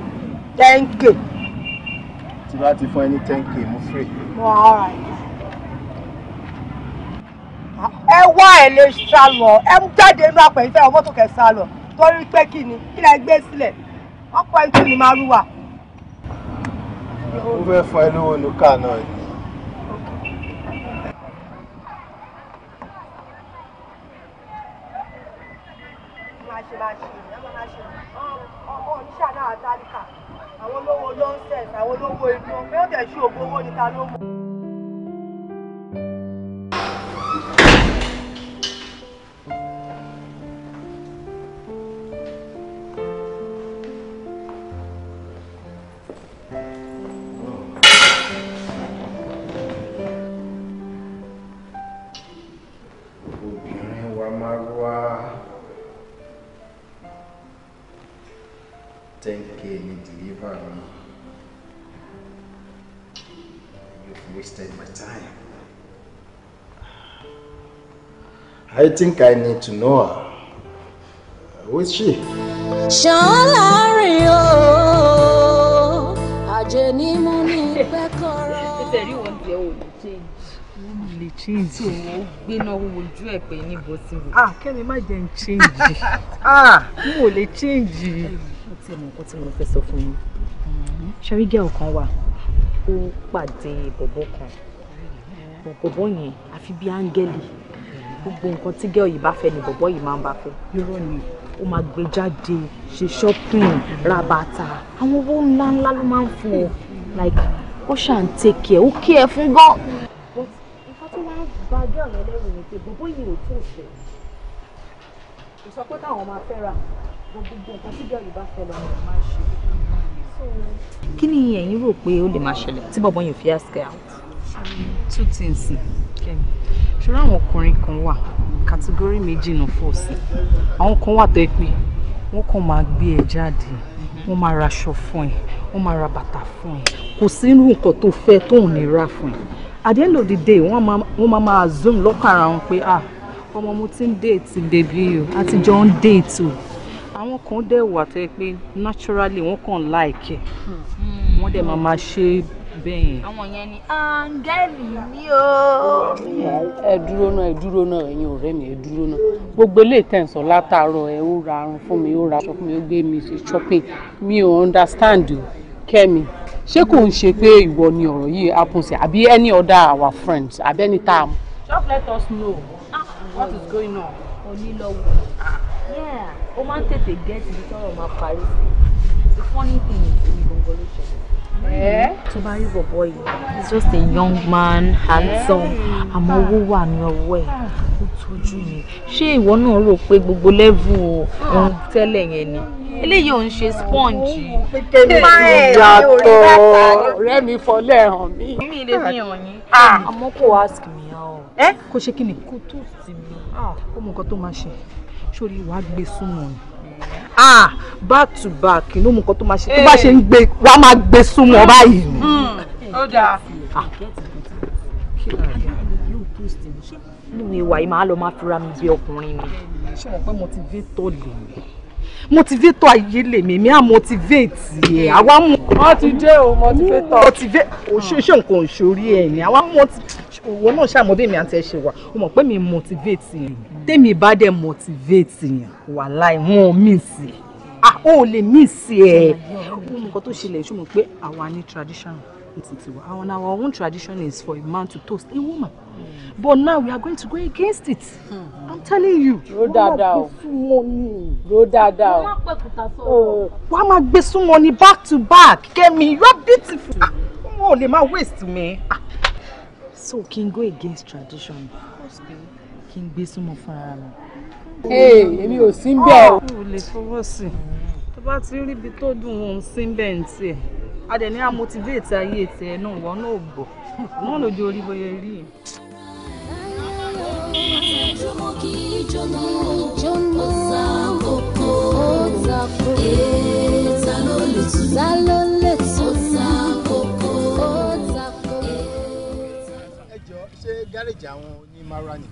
ten k. tí bá ti fún ẹ ní ten k mo free. mo ara ẹ̀ ẹ wá ẹ lè sá lọ ẹ ń jáde inú apẹ̀yìntẹ́ ọmọ tó kẹ̀ sá lọ torí pé kí ni kí lẹ gbé sílẹ̀ ọkọ̀ ẹ̀tún ni màá rú wa. mo fẹ́ fún ẹ lówó nùkà náà ni. máa ṣe máa ṣe èèyàn máa ṣe ọmọ oníṣàdá àtàlíkà àwọn olówó nọ́ńsẹ̀nsì àwọn olówó inú pé ó tẹ̀ ògbówó ni ta I think I need to know her. Who is she? Ṣọlárin o, àjẹ́ ni mo ní pẹ́ kọ́rọ́. Ẹsẹ̀ rí wọn jẹ́ òní change. Mo lè change. Tí o gbéná ojú ẹ̀ pé ní bọ́sí mi. Ah can má jẹ́ n change. Ah who will change. Mo ti mọ nǹkan tí mo fẹ́ sọ fún yín. Ṣẹ́rí gẹ́ ọ̀kan wà, ó pàdé bọ̀bọ̀ kan. Bọ̀bọ̀ yẹn àfi bí áńgẹ́lì gbogbo nǹkan tí gẹ́ọ̀ yìí bá fẹ́ ni bọ̀bọ́ yìí máa ń bá fẹ́. irọ́ ni ó máa gbé jáde ṣe shopping ra bàtà àwọn owó ńlá ńlá ló máa ń fún ọ like ó ṣàn take care ó kí ẹ fún gan. nǹkan tó máa ń bàjọ́ àwọn ẹlẹ́rù ni pé bọ̀bọ́ yìí ò tó fẹ́ ìsọpẹ́ táwọn máa fẹ́ ra gbogbo nǹkan tí gẹ́ọ̀ yìí bá fẹ́ lọ́wọ́ máa ń ṣe kí ni ẹ̀yin rò pé ó lè máa ṣẹlẹ̀ tí bọ̀bọ̀ yẹn fi ask out. two things kẹ́mi. Okay ṣùgbọ́n àwọn ọkùnrin kan wà kàtígórì méjì náà fọ̀ sí àwọn kan wà tó ẹ pé wọ́n kàn máa gbé ẹ jáde wọ́n máa ra aṣọ fún ẹ wọ́n máa ra bàtà fún ẹ kò sí irú nǹkan tó fẹ́ tó ń ní fún ẹ at the end of the day wọ́n máa máa zoom lọ́kàn ara wọn pé ah ọmọ mo ti ń déètì bèbí o àtijọ́ ń déètì o àwọn kan dẹ̀ wà tó yẹ pé naturally wọ́n kàn láìkẹ́ wọ́n dẹ̀ máa máa ṣe bẹ́ẹ̀. àwọn yẹn ni áńgẹ́lì ni o. ẹ dúró náà ẹ dúró náà ẹ̀yin ọ̀rẹ́ mi ẹ dúró náà gbogbo eléyìí tẹ̀sán látàárọ̀ ẹ ó ra arun fún mi ó ra aṣọ fún mi ó gbé mi ṣe shopping mi ò understand o kẹ́mi ṣé kò ń ṣe pé ìwọ ni ọ̀rọ̀ yìí happen sí àbí any other our friends àbí any time. just let us know ah, what is going on. onílọ́wọ́ ah, ó máa ń tètè gẹ́ẹ̀tì bí tọ́rọ̀ máa parí sí the funny thing is ìgbòǹgbò ló ṣẹlẹ̀. Eh? To marry rí boy, he's just a young man handsome eh? àmọ́ owó wà your way. Who told you? She ṣé ìwọ náà rò pé gbogbo lẹ́vù òun tẹ́lẹ̀ yẹn ni eléyìí ò ń ṣe sponge. yàtọ̀ oh, ọ̀rẹ́ mi fọlẹ́ hàn mí. mi lè fi hàn yín. Ah. àmọ́ kò ask me out. Eh? kò ṣe kí ni kò tó sí mi. Ah, ó mọ nǹkan tó máa ṣe sórí wàá gbé súnmọ́ ni ah back to back inú mu nǹkan tó máa ṣe tó bá eh. ṣe ń gbé wàá máa gbé súnmọ́ báyìí ni. Hmm, ó dáa. Ah. inú ìwà yìí máa lọ máa fira mi bí ọkùnrin ni. ṣé mo pẹ́ motivator lè mi motivator ayé lèmi mi à motivate yẹ àwa mú. wọ́n ti dé o motivator. motivate ṣé nǹkan òṣòrí ẹ̀ ni àwa òwò náà ṣàmọ́ bí èmi àti ẹ̀ ṣe wà o mọ̀ pé mi motivate yẹn tèmi bá dẹ̀ motivate yẹn wàláì wọn mí sí i ah o lè mí sí ẹ. Oh nǹkan tó ṣẹlẹ̀ ṣùgbọ́n pé àwa ní traditional Our, our own tradition is for a man to toast a woman. Mm. But now we are going to go against it. Mm. I'm telling you. Ro dada o. Ro dada o. Wàá oh. máa gbé súnmọ́ ni back to back. Get me, you are beautiful. Come ah, on, lè máa waste me. Ah. So can go against tradition. Can n some súnmọ́ fúnra mi. Ee, èmi ò sí bẹ́ẹ̀ o. O oh, lè fọwọ́ sí. Tó bá ti rí a dẹ̀ ní a motivate ayé tiẹ̀ náà wọ́n náà gbọ́ wọ́n ló di orí bóyá rí i. Ìjọ́mọ́ kì í jọ́mọ́, ó ta kókó, ó ta kókó, èèta ló lè tún, ta ló lè tún, ó ta kókó, ó ta kókó. Ẹ jọ ṣé gáréjì àwọn ní Mara ni?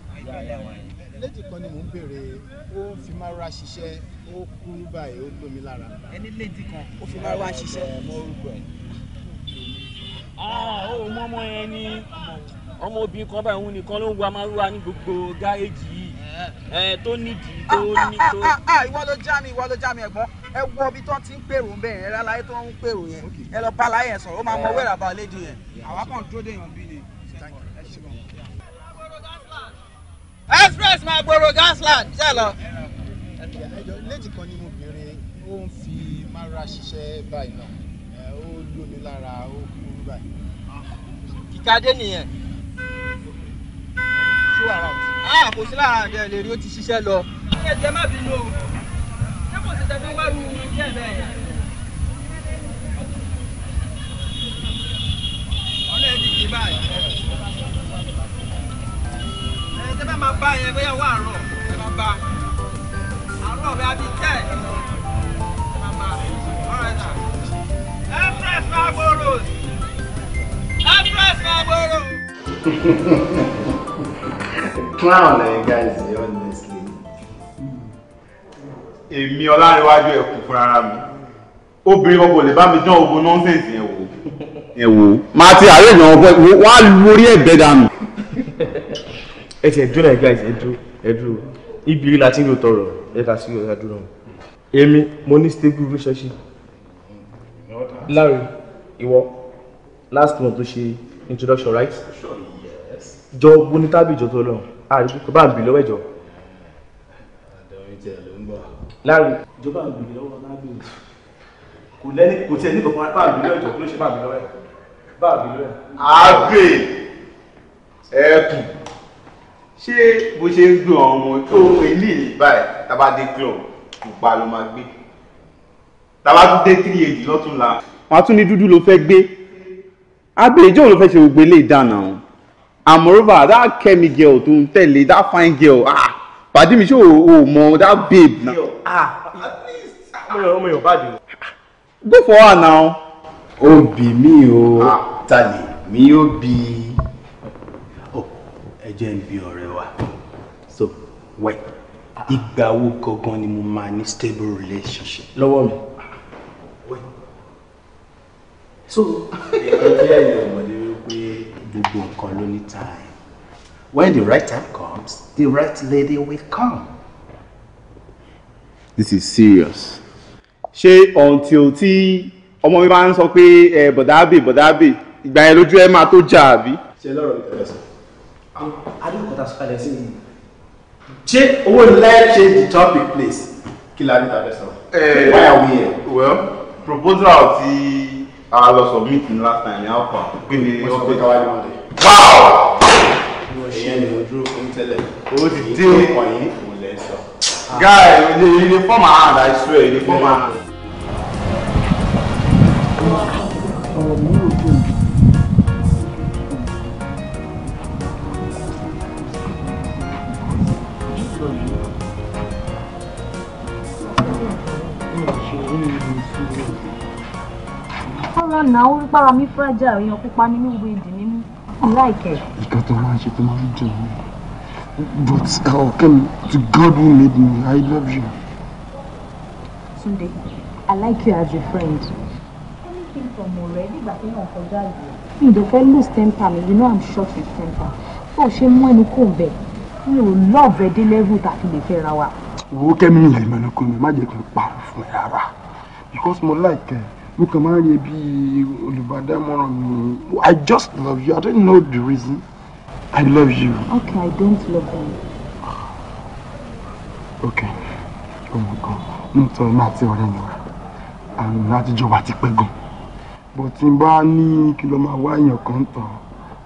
Léjì kan ni mò ń béèrè, ó ń fi Mara ṣiṣẹ́ ó kú báyìí ó lómi lára. ẹni léèdì kan ó fi wá wá ṣiṣẹ́. Ah, ó mọ ọmọ yẹn ni ọmọ obìnrin kan báyìí òun nìkan ló ń wa márúwá ní gbogbo gáréèjì yìí tó nídìí tó ah, ah, ní ìwọ ló já mi ìwọ ló já mi ẹ̀gbọ́n ẹ wọ ibi tó ti ń pèrò ń bẹ yẹn rárá láyé tó ń pèrò yẹn ẹ lọ bá láyé ẹ sọ̀rọ̀ ó máa mọ wẹ́rà bá lédi yẹn. àwa kàn dúró dé ìwọ̀n ni. express my gbòòrò gasland ṣe lọ ẹjọ létí kan ni mo béèrè ó ń fi mara ṣiṣẹ́ báyìí náà ó lómi lára ó kúrú báyìí. kíkadé nìyẹn. ṣé wàrà o. a kò sí lára àjẹ lè ó ti ṣiṣẹ́ lọ. ẹ jẹ má bínú o ṣé kò sì tẹ́tí wẹ́rù díẹ̀ bẹ́ẹ̀. ọlọ́ọ̀dì kì í báyìí. ẹ tẹ́ bá máa bá yẹn bóyá wàá rọ̀ ẹ máa bá a. (laughs) clown eh, guys honestly èmi ọlárẹwájú ẹkùn fúnra ara mi obìnrin ọkọ lè bá mi dán ogun nọ́ńsẹ̀nsì yẹn wò. ẹ wò máa ti àárẹ̀ náà wọ́n wá lórí ẹ̀gbẹ́ dànù. ẹ ti ẹ dúró ẹ guys Andrew, Andrew, ẹ dúró ibi rí ẹ dá sí ọ̀yà dúró èmi mo ní stable relationship Larry ìwọ last month tó ṣe introduction right jọ gbóni tábìjọ tó lọ àríkú tó bá ń bì lọ́wọ́ ẹ̀jọ̀ Larry ìjọba ń bì lọ́wọ́ lábẹ́ kò lẹ́ni kò tiẹ̀ ní kankan bá ń bì lọ́wọ́ ẹ̀jọ̀ kí ló ṣe bá ń bì lọ́wọ́ ẹ̀ bá ń bì lọ́wọ́ ẹ̀. àgbè ẹ̀kùn ṣé bó ṣe ń gbé ọmọ ohun eléyìí báyìí tábàdé club pupa ló máa gbé tábàdé three eight lọ́tún la. wàá tún ní dúdú ló fẹ́ gbé abèjọ́ ló fẹ́ ṣe gbogbo eléyìí dáná o and moreover that kemi girl tó ń tẹ̀lé that fine girl ah pàdé mi ṣé o ò mọ that babe na. ah ọmọ yóò bá dùn. go for her now. ó bì mí o ah. ta lè mi ó bì í jẹ́ ń bi ọ̀rẹ́ wa so wẹ̀ ìgbà wo gangan ni mo máa ní stable relationship. lọ́wọ́ mi. so ẹgbẹ́ ẹ̀yọ̀ ọ̀mọ̀lẹ́ wípé gbogbo nǹkan ló ní time when the right time comes the right lady will come. this is serious. ṣé until tí ọmọ mi máa ń sọ pé bọ̀dábì eh, bọ̀dábì ìgbà yẹn lójú ẹ máa tó jà àbí. ṣe lọ́rọ̀ mi fẹ́ sọ adúlùkọ́tà sọ́kàlẹ̀ sí i ṣé owó ńlá change the topic please. kí la ní tàbí sọ. ẹ eh, why are we here. well proposal ti a lọ submit ní last time ní alpha pé ní wọ́n pé káwá ní wọ́n dé. wow. èyí ni mo dúró fún tẹ́lẹ̀. owó ti dé ọkọ̀ yìí kò lẹ́ sọ. guy uniform hand I swear uniform hand. ọmọ ràn náà ó rí pàrọ̀ mi fúrájà èèyàn pupa ní mi ìwé ìdì nínú láìkẹ́. ìkan tó máa ń ṣe tó máa ń jẹ mí but uh, ọ̀kẹ́ mi to God who made me I love you. Tunde I like you as a friend. anything from ọ̀rẹ́ nígbà tí yàn kọjá yìí. mi ò dé fẹ́ lose temper mi you know I'm short with temper bó o ṣe mú ẹnu kò ń bẹ̀ mi ò love ẹ dé level tàbí lè fẹ́ ra wa. wo kẹ́mi ìlẹ̀ mẹ́nu kún mi má jẹ́ kí n pààrọ̀ fún ẹ rárá because mo like ẹ. Uh, mo kàn máa ń i just love you i don't know the reason i love you. okay i don't love you. okay ọmọ gan nítorí náà ti ọ̀rẹ́ mi wá I'm not jọ wá ti But in Bani, ti bá ní kí ló máa wá èèyàn kan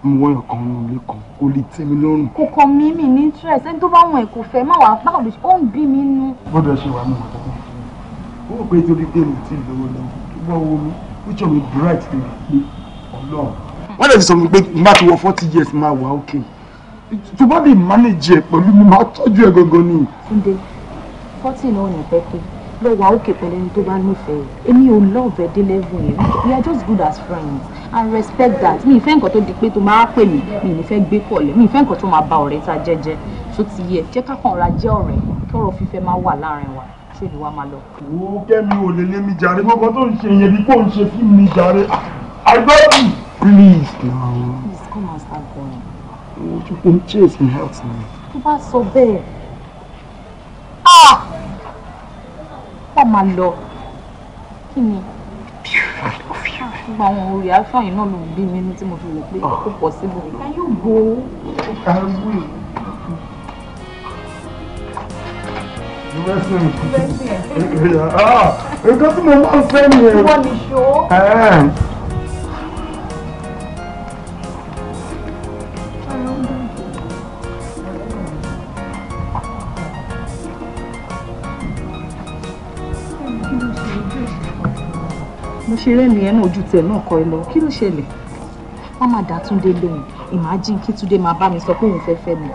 mo wọ èèyàn kan nínú ilé kan kó lè tẹ́ mi lọ́rùn. kò kàn mí mi ní interest ẹni tó bá wọn kò fẹ́ má wàá báwo ló ń bí mi nú. gbọ́dọ̀ ṣe wàá mú wọn tó kún fún mi. ó pé torí pé mi ti lówó lọ́wọ́. Which wo mi bright ni pé ọlọ́run hmm. wọ́n lè sọ mi pé má forty years máa wà to tó bá lè manage ẹ pẹ̀lú mi máa tọ́jú ẹ gangan ni. Túndé forty náà ní pẹ́ pé lọ wà but then to tó bá nífẹ̀ẹ́ èmi ò lọ́ọ̀bẹ dé level we are just good as friends and respect that Me ìfẹ́ nǹkan tó di pé tó máa me, mí mi ìfẹ́ gbé pọ̀lẹ́ mi ìfẹ́ nǹkan tó máa ba ọ̀rẹ́ ta jẹ́jẹ́ tó ti yẹ jẹ́ ká kàn ra jẹ́ ọ̀rẹ́ kí ọ̀rọ̀ fífẹ́ máa wà láàrin wa ṣèlú wa máa lọ. wo kẹ́mi ò lè lé mi jàre gbogbo tó ń ṣe yẹn bí kò ń ṣe fún mi jàre I please na. please come and start going. o ti kun chase my health na. tó bá sọ bẹ́ẹ̀ ah! wọ́n máa lọ kí ni ah, gbogbo àwọn orí aṣọ náà ló ń bí mi ní tí mo fi wò pé ó pọ̀ síbò. can you go? I ah, will. nǹkan tí mo máa ń fẹ́ ni ẹ̀ mo ṣe rẹ́ nìyẹn náà ojú tiẹ̀ náà kọ́ ẹ lọ kí ló ṣẹlẹ̀ wọ́n máa dá Túndé lóhùn imagine kí Túndé máa bá mi sọ pé òun fẹ́ fẹ́ mi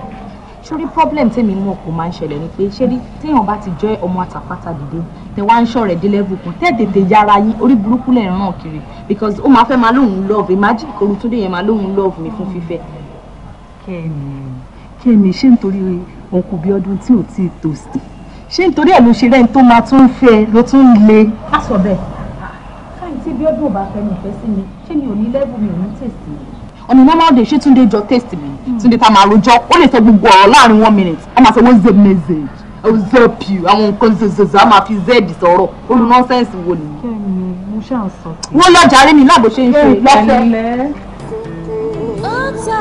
sórí problem tèmi mọ̀ kò máa ń ṣẹlẹ̀ ni pé ṣérí téèyàn bá ti jẹ́ ọmọ àtàpátá dìde tẹ wá ń ṣọ̀rẹ́ dé level kan tẹ́ tètè yára yín orí burúkú lẹ̀ ràn kiri because ó máa fẹ́ máa lóhùn love imagine kòrò tó dé yẹn máa lóhùn love mi fún fífẹ́. kẹ́mi kẹ́mi ṣé nítorí òǹkù bíi ọdún tí ò tí ì tò sí ṣé nítorí ẹ̀ ló ṣe rẹ́ni tó máa tún fẹ́ ló tún le. á sọ bẹ́ẹ̀ káyìí tí bí ò bá fẹ́ mi fẹ́ sí mi ṣé mi ò ní level mi ò ní tèsí on a normal day ṣé Túndé jọ taste mi Túndé ta máa rojọ́ ó lè sọ gbogbo ọ̀rọ̀ láàrin one minute a máa sọ wọ́n message ó zep you àwọn nǹkan zozozo a máa fi z sọ̀rọ̀ olú wo nìyí. wọ́n lọ jàre mi láàbò ṣe ń ṣe lọ́fẹ̀ẹ́. ó ta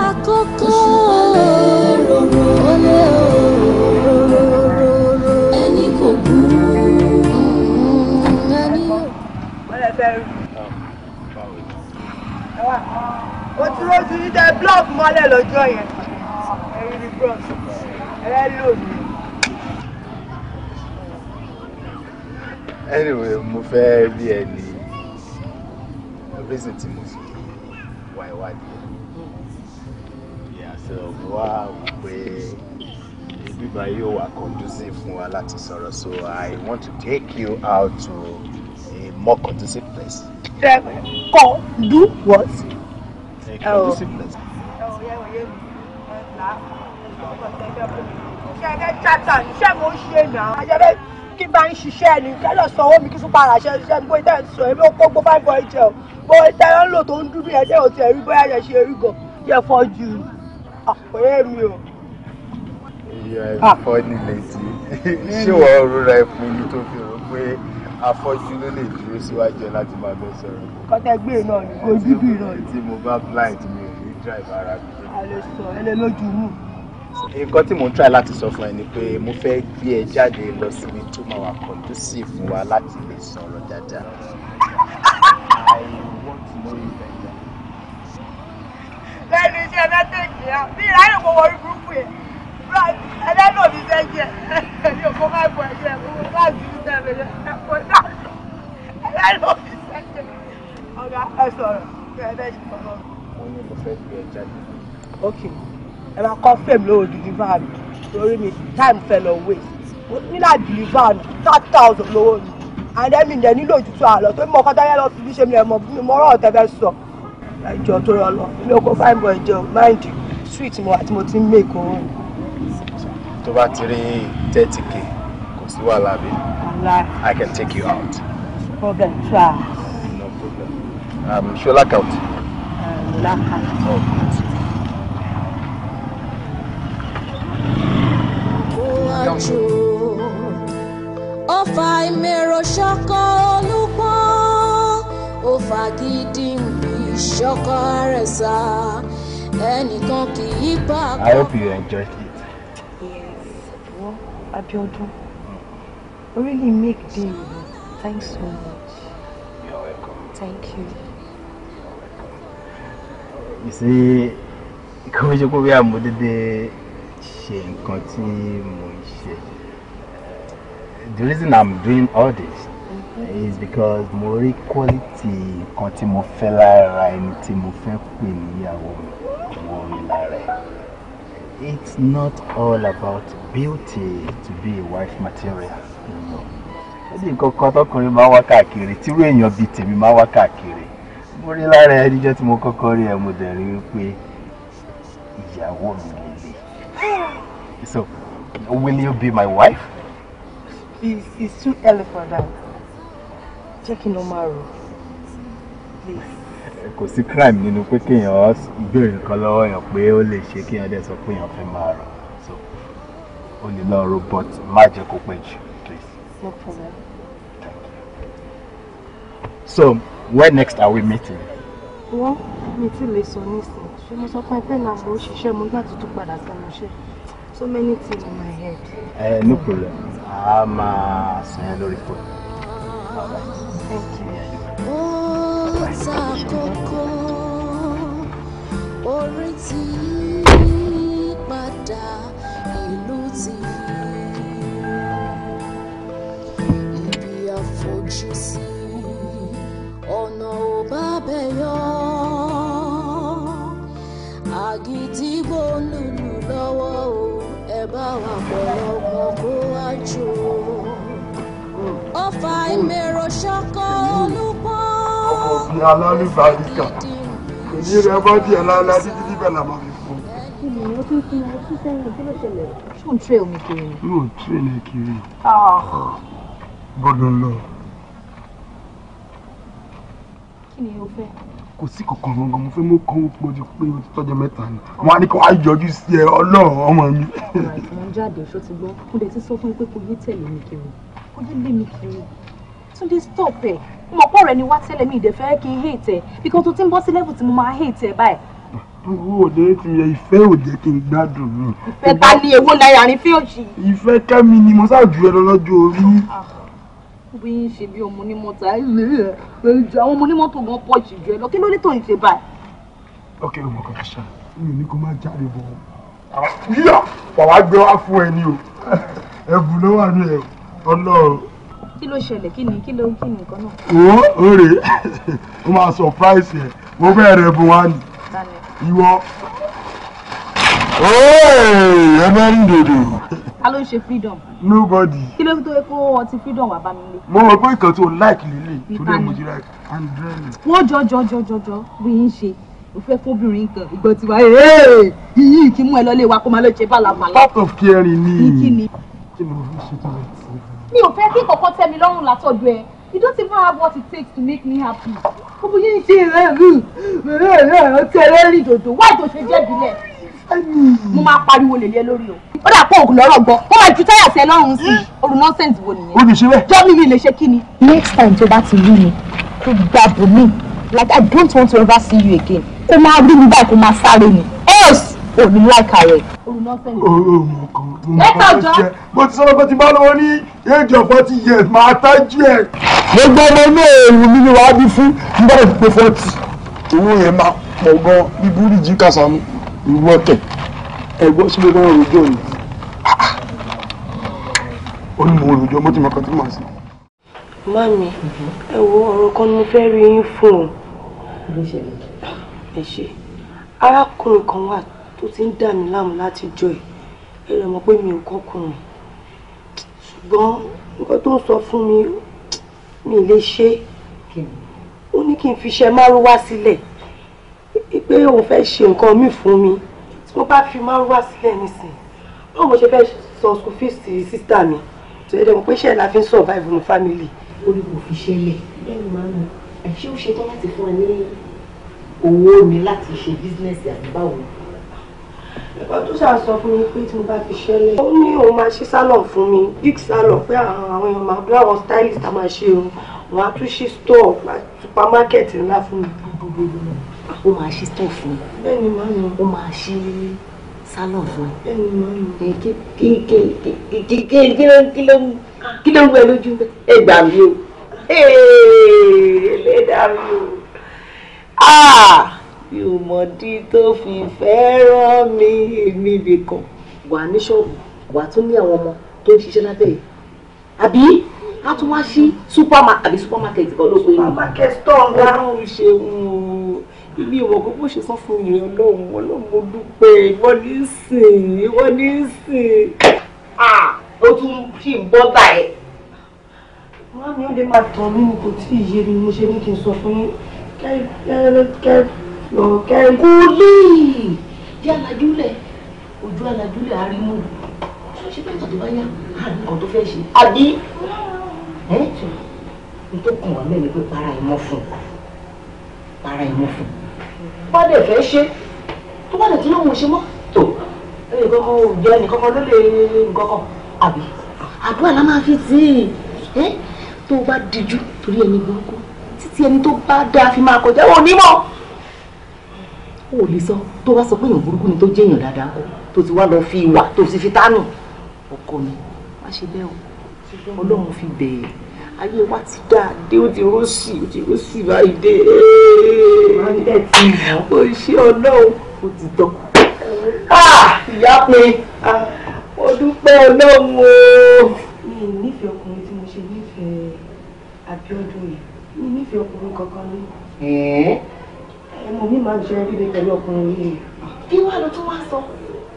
mo ti rojú yín tẹ blọọkù mọ́lẹ̀ lọ́jọ́ yẹn ẹ̀rù ni bros ẹ lò mí. anyway mo fẹ́ rí ẹ ní reason tí mo fi wá ìwádìí ẹ̀ yàtọ̀ wá pé bíbá yóò wà conducive fún wa láti sọ̀rọ̀ so I want to take you out to a more conducive place. Kọ́ do what? ẹ̀kọ́ sí mi lẹ́sìn. ṣẹ́ẹ̀dẹ́ chata ṣé mo ṣe náà. ajẹ́bẹ́ kí n bá ń ṣiṣẹ́ ni kẹ́ lọ sọ owó mi kí tún para ṣe ṣiṣẹ́ mi bóyá tẹ̀ ń sọ èmi ó kó gbó five boy jẹ o bóyá tẹ̀ ń lò tó ń dúdú yẹn tẹ̀ ò tẹ̀ rí bóyá yẹn ṣe rí gan yẹ fọ́ ju àpòyé mi o. ìyá ẹ̀fọ́ nílé tí ṣé wọ́n rúra ẹ̀fún mi tó fi rò pé afọ́jú ló lè dúró síwájú ẹ láti máa bẹ sọ̀rọ̀. kọ́tẹ́gbé náà ni kò dúdú náà ni. tí mo bá blind mi ò ní drive ara mi. a lè sọ ẹ lè lójú mú. nǹkan tí mò ń try láti sọ fún ẹ ni pé mo fẹ́ gbé ẹ jáde lọ síbi tó máa wà conducive fún wa láti lè sọ̀rọ̀ dáadáa. lẹ́nu iṣẹ́ mẹ́tẹ̀ẹ̀kì á bí ìráyè kò wọrí burúkú yẹn ẹlẹ́nu mi fẹ́ jẹ ẹ̀yìn òkú máa bọ̀ ẹ̀yẹ òkú fèm lóhùn dìlífà mi lórí mi time fell away. waste mo nílà dìlífà mi thirty thousand lówó mi àdẹ́mì ìdẹ nílò òtútù àlọ́ tó mọ kọ́tà yẹn lọ fi bí ṣe mi ẹ̀ mọ̀ mi mọ́rọ̀ ọ̀tẹ̀ fẹ́ sọ. ẹjọ́ tó rọ lọ mi ò kó fáìmù ẹ̀jẹ̀ mind sweet mo àti mo ti ń mèkó tó bá ti rí thirty k kò sí wàhálà bí i can take you out. problem try. no problem um, ṣọlá count. Uh, um, lack Oh, good. ọfà ìmẹ̀rọ ṣọkọ olúgbọ́n ọfà gidi ìṣọkọ rẹ̀ sá ẹnìkan kì í bá I hope you enjoyed it. Abiodun. You really make day. Thanks so much. You're welcome. Thank you. You see, kò ṣe kó bí àmúdédé ṣe nǹkan tí mo ṣe. The reason I'm doing all this mm-hmm. is because mo rí quality nǹkan tí mo fẹ́ lára ẹni tí mo fẹ́ pè níyàwó mi wọ ìlà rẹ̀ it's not all about beauty to be a wife material. ó di nǹkan kan tọkùnrin máa ń wá káàkiri tírú èèyàn bíi tèmi máa ń wá káàkiri mo rí lára ẹ níjọ́ tí mo kọ́kọ́ rí ẹ mo dẹ̀ rí i pé ìyàwó mi lélẹ̀ so will you be my wife. it's, it's too early for that jẹ́ kí n lọ máa rò please kò sí crime nínú pé kéèyàn béèrè nǹkan lọ́wọ́ èèyàn pé ó lè ṣe kéèyàn dẹ̀ sọ pé èèyàn fẹ́ máa rọ̀ so ó lè lọ ro but má jẹ́ kó pẹ́ jù please. no problem. so where next are we meeting. wọ́n mi ti lè sọ nísìnyí ṣé mo sọ pé pé nàbó òṣìṣẹ́ mo gbà tuntun padà sẹ́nu iṣẹ́ so many things in my head. ẹ eh, no problem a máa sọ yẹn lórí phone. thank you àkọ́kọ́ orin ti yí padà ìlú ibi àfojúsí ọ̀nà ò bá bẹ̀ yọ àgídìgbò lùlù lọ́wọ́ o ní alálùbáríkà èyí rẹ bá di ẹ̀ láéláé títí níbẹ̀ là máa fi fún. Ah. kí ni o tún fún ọ sí sẹ́yìn kí ṣẹlẹ̀? ṣé tún kò sí kankan gangan mo fẹ́ mú kán mo ti pé o ti tọ́jọ́ mẹ́ta ni wọn á ní kó wá yọjú sí ẹ ọlọ́run ọmọ mi. mo jáde ṣó ti gbọ́ mo dẹ̀ ti sọ fún yín pé kò yé tẹ̀lé mi kiri kò yé lé mi kiri Túndé stop ẹ̀ mo mọ̀ pọ̀ rẹ̀ ni wá tẹ́lẹ̀ mi ìdẹ̀ kí n hate ẹ̀ because tó ti ń bọ́ sí level tí mo máa hate ẹ̀ báyìí. irú òde ti yẹ ìfẹ́ ò kí n gbádùn mi. ìfẹ́ ta ni èwo náírà ní fíòjì. ìfẹ́ kẹ́mi ni mo ṣáàjú ẹ lọ́jọ́ orí. Ah, bí n ṣe bí ọmọ onímọ̀tà ẹ̀ ẹ̀ jẹ́ àwọn ọmọ onímọ̀tò gan pọ̀ jù jù ẹ lọ kí ló ní tòun ṣe báyìí. ok ọmọ kan ṣá mi ní kó má jáde bọ̀ yíyà wàá gbé wá fún ẹ ní o ẹ̀bùn ló wà ẹ ọlọ́run kí ló ṣẹlẹ̀ kí ni kí ló kí ni nǹkan náà. wo òrè ó máa surprise ẹ mo bẹ̀rẹ̀ bó wá ní ìwọ ẹ bẹ ń dòdò. a ló ń ṣe freedom. nobody. kí ló tó kó ọtí freedom wà bá mi lé. mo rò pé nǹkan tó like lílé tó lè mo ti like andrele. wọ́n jọ jọ jọ jọ jọ bí n ṣe o fẹ́ fóbìnrin kan ìgbọ́ ti wá yìí kí mú ẹ lọ lé wa kó máa lọ ṣe bálabàla. part of caring ni. kí ni. kí ni mo fi ṣe tó bẹ́ẹ̀ mi ò fẹ́ kí kọ̀ọ̀kan tẹ́ mi lọ́rùn látọ̀dọ̀ ẹ you don't even have what it takes to make me happy. Gbogbo yìí ṣe rẹ̀ rú rẹ̀ rẹ̀ ọtí ẹlẹ́rìí dòdò wáì tó ṣe jẹ́ bílẹ̀. Mo máa pariwo lèlé lórí o. Ó dà pọ̀ ògùn lọ́rọ̀ gbọ́. Ó máa ju táyà sí ẹ lọ́rùn sí. Oru nọ́sẹ̀ǹsì wo nìyẹn? Olùṣe wẹ̀. Jọ́ mi mi lè ṣe kí ni? Next time tó bá ti rí mi, kò gbà bò mí. Like I don't want to ever see you again. Kó máa rí mi báyìí kó máa sáré ni. Else ò ní láìka rẹ̀. mo ti sọ́nà pé ti bá lọ́wọ́ ní age of forty years máa tájú ẹ̀. gbogbo ọmọ inú èrò mi ni wàá bí fún nígbà tó pé forty owó yẹn máa pọ̀ gan bí búrìjì kàṣàmù ìlú ọ̀kẹ́ ẹ̀gbọ́n síbi kan rojọ́ ni. ó ní mo rojọ́ mo ti mọ̀ kan Mami, ẹ wo ọ̀rọ̀ kan mo fẹ́ rí yín fún o. Arákùnrin kan wà tó ti ń dà mí láàmú láti jọ ẹ̀ ẹ rẹ̀ mọ̀ pé mi ò kọkùnrin ṣùgbọ́n nǹkan tó ń sọ fún mi mi lè ṣe ó ní kí n fi ṣe márúwá sílẹ̀ pé òun fẹ́ ṣe nǹkan míì fún mi tí mo bá fi márúwá sílẹ̀ nísìnyí báwo mo ṣe fẹ́ sọ school sísítà mi tó yẹ dẹ́gun pé ṣe la fi ń survive ní family. orí kò fi ṣẹlẹ̀ bẹ́ẹ̀ máa ń ṣé ó ṣetán láti fún ẹ ní owó mi láti ṣe bísínẹ́sì àbí báwo ẹ̀kọ́ tó ṣáà sọ fún mi pé tí mo bá fi ṣẹlẹ̀ ó ní òun máa ṣe salon fún mi big salon pé àwọn èèyàn máa dúró àwọn stylist á máa ṣe irun wọn á tún ṣí store supermarket ńlá fún mi. ó máa ṣí store fún mi. bẹ́ẹ̀ni máa ń lọ. ó máa ṣí salon fún mi. bẹ́ẹ̀ni máa ń lọ. kí kí kí kí kí kí ló ń kí ló ń wẹ lójú bẹ. ẹ gbà mí o. ẹ̀ẹ́dà mi o. Ah! mi ò tó fi fẹ́ràn mi èmi nìkan. wà á ní ṣọ́ọ̀bù wà á tún ní àwọn ọmọ tó ń ṣiṣẹ́ lábẹ́ yìí àbí a tún wá sí supermarket àbí supermarket kan ló pé ní. supermarket store ńlá. ọlọ́run ṣeun o ibi ìwọ̀n gbogbo ṣe sọ fún mi ọlọ́run ọlọ́run mo dúpẹ́ wọ́n ní sìn wọ́n ní sìn. ó tún ṣì ń bọ́ bá ẹ. wọ́n á ní ó máa tàn mí ni kò tí ì yé mi mo ṣe ní kí n sọ fún yín kẹ́kẹ́ Yọ̀kẹ́ gúlì. Jẹ́ alájúlẹ̀, ojú alájúlẹ̀ arímú. Ṣé bẹ́ẹ̀ tó bá yá, àrùn kan tó fẹ́ ṣe. Àbí? Ẹ́ tó kàn wá mẹ́rin pé para ìmọ̀ fún Para ìmọ̀ fún un. Bá dẹ̀ fẹ́ ṣe, tó bá dẹ̀ tún lóhùn ṣe mọ́. Tò, ẹnì kankan ò jẹ́ ẹnì kankan ló lè nǹkan kan. Àbí? Àdúrà la máa fi tì í. Tó o bá dijú torí ẹni burúkú títí ẹni tó bá dáa fi máa kọjá wọn ò ní mọ̀ o ò lè sọ tó bá sọ pé èèyàn burúkú ni tó jẹ́ èèyàn dáadáa kọ tó ti wá lọ fi ìwà tó ti fi tánù ọkọ mi má ṣe bẹ́ẹ̀ o ọlọ́run fi bẹ̀ẹ̀ ayé wa ti dá dé ó ti rọ́ọ̀sì ó ti rọ́ọ̀sì báyìí dé ó ṣe ọlọ́run ó ti tọ́ ìyá pé mo dúpẹ́ ọlọ́run o. mi ì nífẹ̀ẹ́ ọkùnrin tí mo ṣe nífẹ̀ẹ́ Abíọ́dún yìí mi nífẹ̀ẹ́ ọkùnrin kankan ní ọmọ mi máa ń ṣe rírí pẹ̀lú ọkùnrin yìí. kí wàá lọ tó wá sọ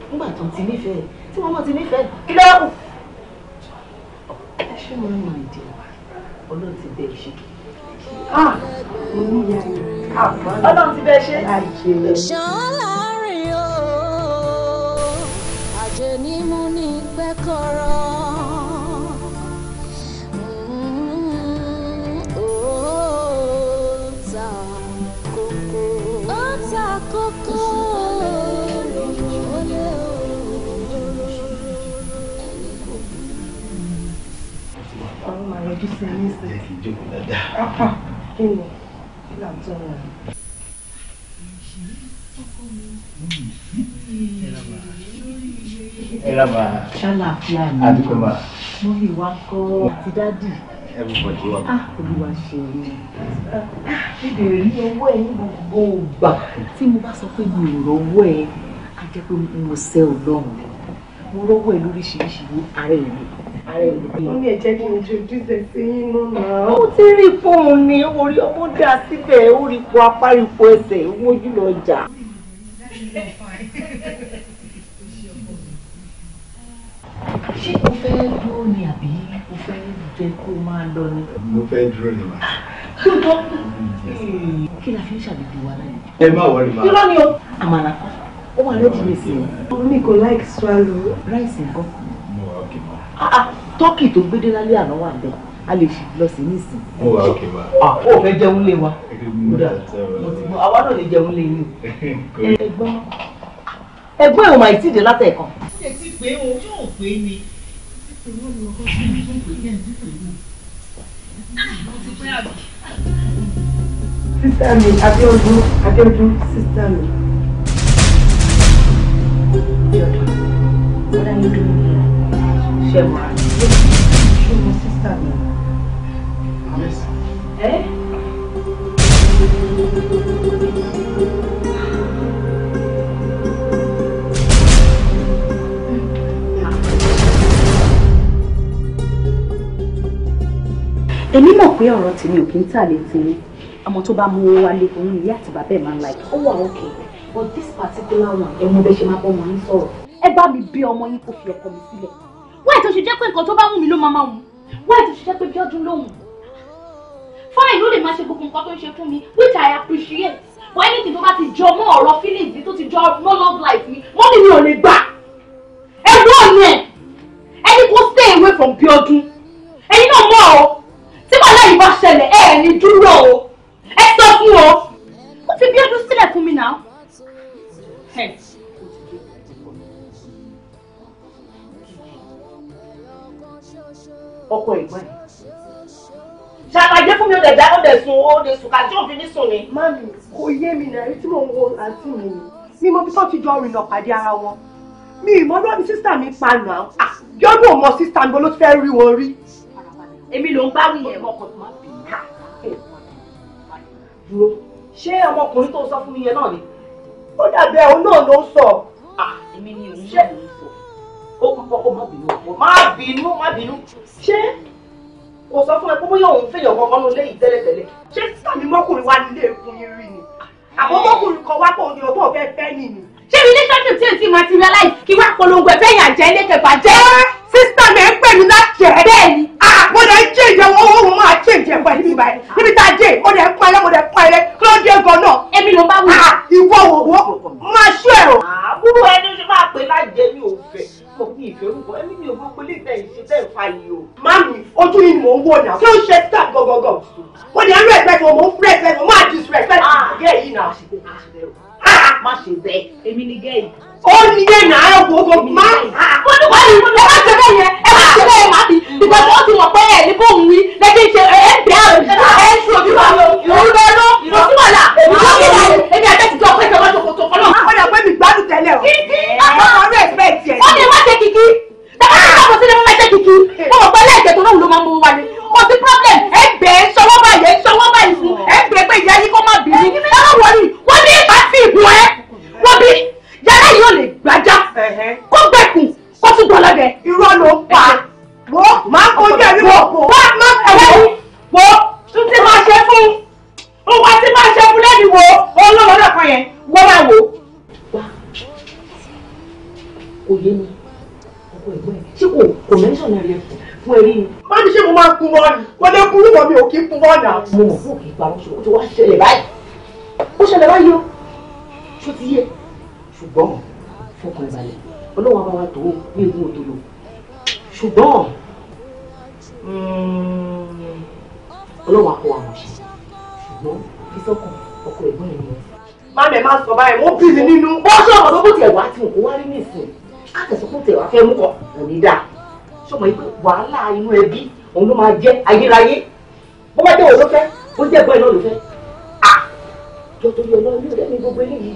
nígbà tó ti nífẹ̀ẹ́ tí wọ́n mọ̀ ti nífẹ̀ẹ́ kí ló kù. ẹ ṣé mo ń mọ ìdí wa ọlọ́run ti bẹ ìṣe. Ah! Ah! mo ní ìyá rẹ̀ ah! ọlọ́run ti bẹ ṣe. ṣọ́ọ́lárin o àjẹ́ ni mo ní pẹ́kọ̀rọ̀. yọjú sí i nísìnyí. jẹ́ kí n jókòó dáadáa. kí ni kí là ń tọ́ ọ. ẹ ra ma. ṣàlàfíà ni àdúgbò ma. mo rí wa kọ́ ti dádì. everybody wa. ah olúwa ṣe é. Ah, bíbí rí owó ẹ ní gbogbo ìgbà tí mo bá sọ pé mi ò rọwọ́ ẹ a jẹ́ pé mo sẹ́ ọ lọ́rùn mo rọwọ́ ẹ lóríṣiríṣi ní ara ẹ̀ mi. Mọ́mí ẹ̀ jẹ́ kí n introduce ẹ sí yín náà. Ó ti rí fóun ni orí ọmọ dá síbẹ̀ ó po apáripo ẹsẹ̀ ìwójú lọ jà. Ṣé o fẹ́ dúró ni àbí o fẹ́ jẹ kó máa lọ ni? Mo fẹ́ dúró ni màá. Lóòótọ́ kí la fi ń ṣàdédé wa láyé. Ẹ má wọlé màá. Irọ́ ni o. Àmàlà ó wà lójú mi sí i. Omi kò láìkí swallow. Ráìsì nǹkan. Ah, ah, tọ́kì tó gbédé lálẹ́ àná wà bẹ́ẹ̀ a lè fi lọ sí nísìn. ó wà ókè wa. Ah, ó fẹ́ jẹun lé wa. mo ti mọ àwa náà lè jẹun lé yín. (laughs) ẹ̀gbọ́n ẹ̀gbọ́n máa ti látẹ̀kọ́. ṣé ti pé o yóò pé ni. sísá mi Abíọ́dún Abíọ́dún sísá mi. What you ṣe wà èmi mọ̀ pé ọ̀rọ̀ tèmi ò kí ń tà létí ní ọmọ tó bá mú owó wálé òun ìyá àti bàbá ẹ̀ máa ń like ó wà òkè but this particular one ẹ̀ mú bẹ́ẹ̀ ṣe máa bọ́ ọmọ yín sọ̀rọ̀ ẹ bá mi bí ọmọ yín kó fi ọkọ mi sílẹ̀ wáyé tó ṣe jẹ́ pé nǹkan tó bá wù mí ló máa máa wù wáyé tó ṣe jẹ́ pé bí ọdún ló wù fáìn ló lè máa ṣe gbogbo nǹkan tó ń ṣe fún mi which I appreciate but anything tó bá ti jọ mọ́ ọ̀rọ̀ feelings tó ti jọ mọ́ love life mi wọ́n ní mi ò lè gbà ẹ̀rọ ni ẹ̀ ẹni kò stay away from bí ọdún ẹ̀yin náà mọ̀ ọ́ tí wàhálà yìí bá ṣẹlẹ̀ ẹ̀ ní dúró o ẹ sọ fún o ó ti bí ọdún sílẹ̀ fún mi náà. ọkọ ẹ̀gbọ́n ẹ̀. ṣàlàyé fún mi ó dẹ̀dá ó dẹ̀ sùn ó dẹ̀ sùn kàtí òfin ní sùn ni. mami kò yé mi náà tí mò ń wo àǹtí mi ni mi mọ bí tó ti jọ rìnà pàdé ara wọn mi ìmọ̀ ló bí sísà mi pa nà á yọ́dún ò mọ sísà mi ló ti fẹ́ rí wọn rí. èmi ló ń bá mi yẹn ọkọ̀ tó máa bì í ká. dúró ṣé ọmọkùnrin tó sọ fún mi yẹn náà ni ó dàbí ẹ̀ òun náà ló ń sọ. èmi ni òun ń sọ ó kún kọ́kọ́ má bínú ọ̀pọ̀ má bínú má bínú ṣé kò sọ fún ẹ pé bóyá òun fẹ́yàn kankan nínú ilé yìí tẹ́lẹ̀tẹ́lẹ̀ ṣé sàmì mọ́kùnrin wá nílé egun yín rí ni àbọ̀ mọ́kùnrin kan wá pọ̀ ní ọ̀bọ̀ ọ̀fẹ́ fẹ́ nì ni. ṣé ilé tẹ́tù tí èsì materialize kí wá polongo ẹ̀fẹ́ yà jẹ́ ilé kẹfà jẹ́ sísítà mi ń pè mí lájẹ́ bẹ́ẹ̀ ni mo lè jẹ́ ìyẹn owó owó máa jẹ́ ìjẹ́ pẹ̀lú mi báyìí níbi tá a jẹ́ ó lè pa ẹlẹ́ mo lè pa ẹlẹ́ kí ló dé gan náà. èmi ló bá wù. ìwọ òwò máa ṣú ẹ̀rọ. àbúrò ẹni máa pè lájẹ mi ò sọ fún ìfẹ́rùkọ ẹ̀mí mi ò mọ pé lẹ́tẹ̀ ìṣe tẹ̀ fa yìí o. Mami, ojú yìí ni mò ń wò náà. Ṣé o ṣe tà gọ́gọ́gọ́? Mo ní ẹrú ẹ̀fẹ́ fún ọ, mò fún ẹ̀fẹ́ fún ọ, mo máa disrespect. Ah. Àgẹ́ yìí náà ṣe kò kò ṣe lẹ́rù má ṣe bẹ́ẹ̀ èmi ni gẹ́ẹ̀ ó ní yé nà á wò ó má ó ah, ní wàá ní ẹ má ṣe bẹ́ẹ̀ yẹn ẹ má ṣe bẹ́ẹ̀ má bí mm. because ó ti mọ̀ pé ẹ̀ ní bóun wí lẹ́gbẹ́ ṣe ẹ̀ ẹ̀ bẹ́ẹ̀ rẹ̀ ẹ̀ ṣe òbí wa òun bẹ́ẹ̀ lọ kò sí wàhálà èmi ló kí ni èmi àti ẹ̀sìn tó pé ìjọba ṣòkòtò kọ́ náà. ó lè pẹ́ mi gbádùn tẹ́lẹ̀ o. kí kí àwọn ọ̀rẹ́ ẹ̀ fẹ́ẹ̀ tiẹ̀. ó ní wọ́n ṣe kìkì tàbí kò sí problem ẹgbẹ́ sọwọ́ báyìí ẹ sọwọ́ báyìí fún ẹgbẹ́ pé ìyá yìí kó má bìí ní ẹ̀rọ wọ̀nyí wọ́n ní ìbá fi ìbùn ẹ wọ́n bí yàrá yìí ò lè gbájá kó gbẹ̀kùn kó tún dọ́lọ́dẹ mo mọ̀ fún òkè ìpamọ́ ṣòro tó wá ṣẹlẹ̀ báyìí ó ṣẹlẹ̀ báyìí o ṣó ti yé ṣùgbọ́n fọkàn ìbàlẹ̀ ọlọ́wọ́n bá wa tó o ní egun òdòdó ṣùgbọ́n ọlọ́wọ́n akọ àwọn ṣe ṣùgbọ́n fi sọ́kàn ọkọ ẹ̀gbọ́n ẹ̀ ni. máa mẹ́ máa sọ báyìí wọ́n bí mi nínú bó ṣe ọ̀rọ̀ tó kó tiẹ̀ wá tí òkú wá rí nìsín káàtẹ̀sọ́ kó tiẹ̀ wá fẹ́ mú kọ òní dáa ṣọmọ yìí pé wàhálà inú ẹbí òun ló máa ó má jẹ́ òun ló fẹ́ ó jẹ́ ẹ̀gbọ́n ẹ̀ náà ló fẹ́ à jọ torí ọlọ́run yóò dẹ́ni gbogbo eléyìí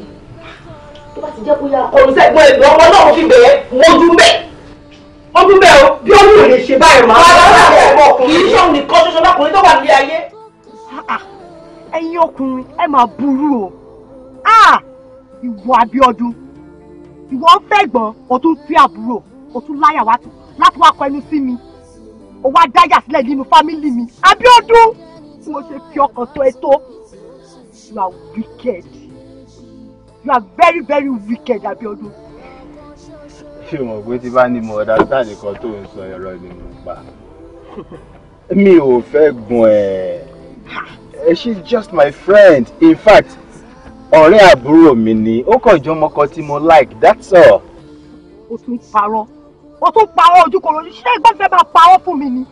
tó bá ti jẹ́ kó yá ọ̀run sẹ́gbọ́n ẹ̀gbọ́n ọmọ náà fi bẹ̀ẹ́ mọ́jú bẹ́ẹ̀ ọdún bẹ́ẹ̀ o bí ọdún ò lè ṣe báyìí máa ń bá ọmọ ọkùnrin kì í ṣóun nìkan ṣoṣo lọkùnrin tó wà ní ayé. ẹ̀yin ọkùnrin ẹ máa burú o ìwọ Abíọ́dún ìwọ ń fẹ́ gbọ́n o tún fi àbúrò o tún láyà wá tó láti wá kọ ẹnu sí mi ó wá dáyà sílẹ̀ nínú fámìlì mi Abíọ́dún tí mo ṣe fi ọkàn tó ẹ tó you are wicked you are very very wicked Abíọ́dún. ṣé o mọ̀ pé tí bá ní mo ọ̀dà sáàdì kan tó ń sọ ẹ̀rọ ni mo pa (laughs) mi ò fẹ́ gun ẹ̀ ẹ̀ she's just my friend in fact ọ̀rẹ́ àbúrò mi ni ó kàn jọ ọmọ kan tí mo like that's all. o tún parọ́ o tún pa ọ́ ojú kòrò ṣé ẹgbọ́n fẹ́ máa pa ọ́ fún mi ni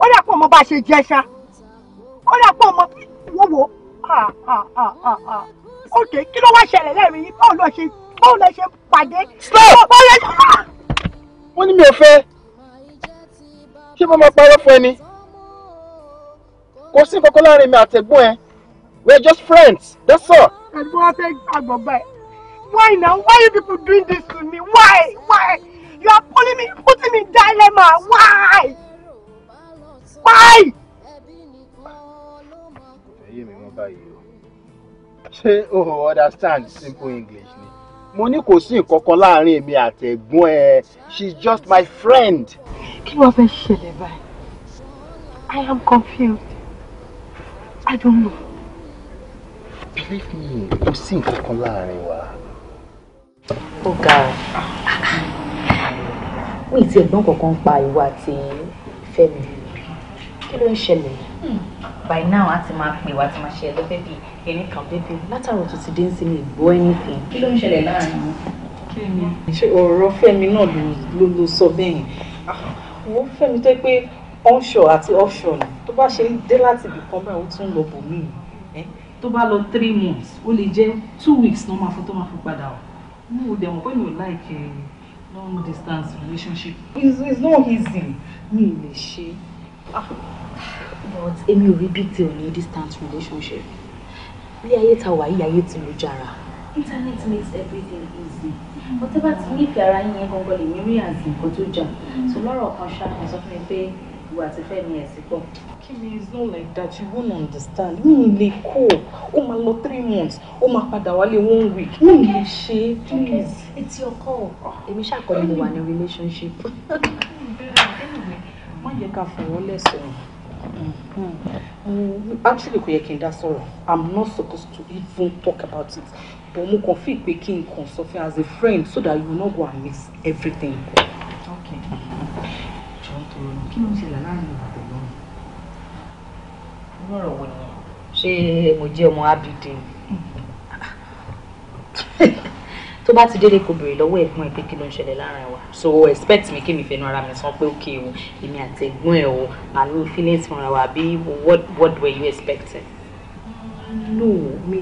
ó dà pọ̀ mọ́ bá a ṣe jẹ́ ṣá ó dà pọ̀ mọ́ wò wò ok kí ló wá ṣẹlẹ̀ lẹ́rìn yìí báwo lọ ṣe báwo lọ ṣe pàdé. stop wọ́n ní mi ò fẹ́ ṣé mo máa parọ́ fún ẹni kò sí kankan láàrin mi àtẹ̀gbọ́n ẹ we are just friends that's all. ẹ̀gbọ́n wa fẹ́ gbàgbọ́ báyìí why now why you people doing this to me why why. You are pulling me, putting me in dilemma. Why? Why? Ẹyẹ Ṣé o understand simple English ni? Mo ní kò sí ìkọ̀kọ̀ láàrin èmi àti ẹ̀gbọ́n ẹ. She's just my friend. Kí ló fẹ́ ṣẹlẹ̀ báyìí? I am confused. I don't know. Believe me, kò sí ìkọ̀kọ̀ láàrin wa. Ó ga mi ti ẹ̀gbọ́n kankan pa ìwà àti Fẹ́mi kí ló ń ṣẹlẹ̀ hmm. by now a ti máa pè wá ti máa ṣe ẹlẹ́fẹ́ bíi ẹni kan bébí látàrọ̀ tó ti dé ń sinmi ìgbọ́ anything kí ló ń ṣẹlẹ̀ láàrin wọn. ṣé ọ̀rọ̀ Fẹ́mi náà ló ló sọ bẹ́ẹ̀ yẹn ah, wọ́n Fẹ́mi tó pé onshore àti offshore ni tó bá ṣe dé láti ibì kan báyìí ó tún lọ bò míì tó bá lọ three months ó lè jẹ́ two weeks ló máa fún tó máa fún padà ó mú un dẹ̀ pé mi ò láìkẹ́ ẹ̀ eh, long distance relationship is is not easy Me ì lè ṣe ah, but èmi ò rí big deal ní distance relationship bí ayé ta wà yìí ayé ti lu jara. internet makes everything easy whatever ti ní ìfẹ́ ara yín yẹn gangan lèmi rí àti nǹkan tó jà so lọ́rọ̀ kan ṣáà kan sọ fún mi pé ìwà àti fẹ́mi ẹ̀ sí pọ̀. Kimi not like that you won't understand mi ì lè kó o máa lọ three months ó máa padà wálé one week mi ì lè ṣe please. It's your call èmi ṣàkọọ́lẹ̀ mo wà ní relationship. (laughs) má yẹ ká fọ̀rọ̀ lẹ́sọ̀ọ́ mm-hmm. mm-hmm. actually kò yẹ kí n dá sọ̀rọ̀ i'm not supposed to even talk about it but mo kàn fi pé kí n kàn sọ fún as a friend so that you no go and miss everything. Okay. Mm-hmm kí ló ń ṣẹlẹ̀ láàrin ìwà mo jẹ́ ọmọ abidin (laughs) tó bá ti délé kò béèrè lọ́wọ́ ẹ̀gbọ́n ẹ̀ pé kí ló ń ṣẹlẹ̀ láàrin wa so expect mi kí mi fẹnu ara mi sọ pé ok o èmi àti ẹ̀gbọ́n ẹ̀ o àlọ́ feelings fúnra wa bí what what were you expecting. no me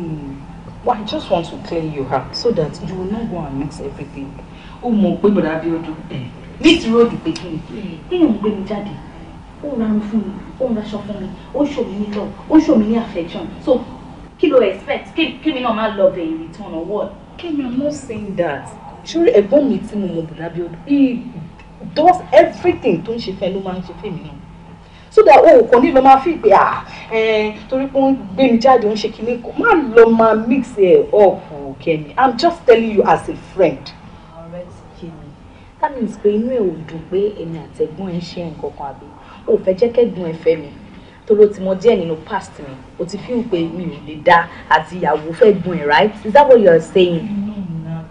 well, i just want to clear you out so that you will not go and mix everything. ó mọ̀ pé bọ̀dá bí ó dún. Eh, ní ti róòdù pé kí ni hmm. téèyàn ń gbé mi jáde ó ń rarun fún mi ó ń raṣọ fún mi ó ṣò mí ní love ó ń ṣò mí ní affection so kí ló expect kémi náà máa lọ bẹ̀rẹ̀ return or what. kémi i'm not saying that ṣórí ẹ̀gbọ́n mi tí mo mọ̀ bùdá bí ọdún he does everything tó ń ṣe fẹ́ ló máa ń ṣe fẹ́mi náà so that o kò ní lọ máa fi pé ah eh, torí pé ó ń gbé mi jáde ó ń ṣe kinní kan má lọ máa mix ẹ̀ up Kemi. i'm just telling you as a friend that means pé inú ẹ̀ ò dùn pé èmi àtẹ̀gbọ́n ẹ̀ ń ṣe nǹkan kan àbí ò fẹ́ jẹ́ kẹ́gbọ́n ẹ̀ fẹ́ mi tó ló ti mọ díẹ̀ nínú past mi o ti feel pé mi ò lè dá àti ìyàwó fẹ́ gbọ́n ẹ̀ right is that what you are saying.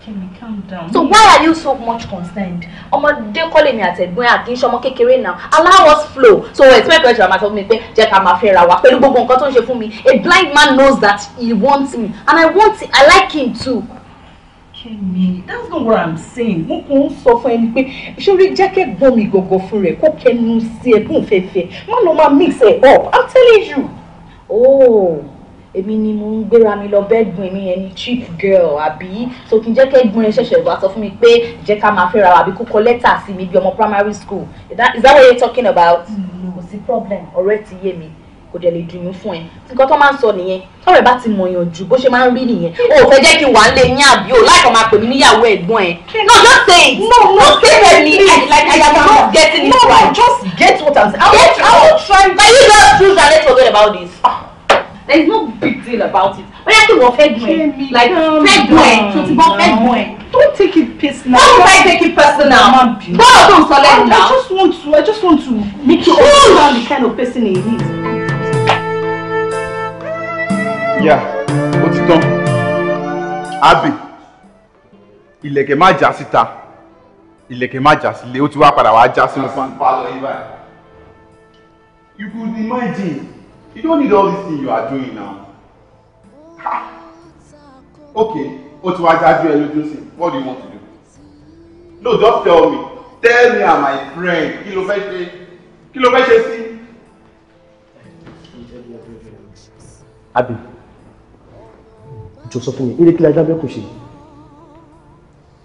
Kemi, calm down. So why are you so much concerned? Ọmọdé kọ́lé mi àtẹ̀gbọ́n àti ìṣọmọ kékeré now. Allow us flow. So expect pressure àmà sọ fún mi pé jẹ́ ká máa fẹ́ra wa pẹ̀lú gbogbo nǹkan tó ń ṣe fún mi. A blind man knows that he wants me and I want it. I like him too ṣe that's not what i'm saying mo kàn ń sọ fún ẹni pé ṣórí jẹ́kẹ́ gbọ́n mi gọ̀gọ̀ fún rẹ̀ kó kẹnu sí ẹ̀gbọ́n fẹ́fẹ́ má lọ máa mix ẹ̀ up i'm telling you. oh èmi ni mo ń gbéra mi lọ bẹ́gbọ̀n mi yẹn ni chief girl àbí so kí n jẹ́ kẹ́gbọ́n yẹn ṣẹ̀ṣẹ̀ wá sọ fún mi pé jẹ́ ká máa fẹ́ra wa àbí kó kọ lẹ́tà sí mi bí ọmọ primary school is that, is that what you're talking about? Mm, kò sí problem ọ̀rẹ́ ti yé mi kò dẹ̀ lè dùnyún fún ẹ nǹkan tó máa ń sọ nìyẹn tọrọ ẹ bá ti mọyàn jù bó ṣe máa ń rí nìyẹn. o fẹ́ jẹ́ kí n wà á lé yín àbí o láìpẹ́ máa pè mí níyàwó ẹ̀gbọ́n ẹ. no just say it. no no say it me like i am not getting it right. no just get what i'm saying. i will try i will try. but you just choose and let's forget about this. Ah, there is no big deal about it. bóyá kí wọ́n fẹ́ gbọ́n ẹ like fẹ́ gbọ́n ẹ tó ti bọ́ fẹ́ gbọ́n ẹ. Don't take it personal. Why would I take it personal? Mama, be. God, don't solve it now. I just want to. I just want to make you understand the kind of person he is yà ó ti tán abè ìlẹ̀kẹ̀ má já síta ìlẹ̀kẹ̀ má já sílé ó ti wá padà wá já sínú pálọ̀ yìí báyìí. You could imagine you don't need all this thing you are doing now. Ha. Okay ó ti wá jájú ẹ lójú sí what do you want to do? No just tell me tell me and my friend kí ló fẹ́ ṣe kí ló fẹ́ ṣe sí. Abi jọ sọ fún mi eré kí la dábẹ́ kò ṣe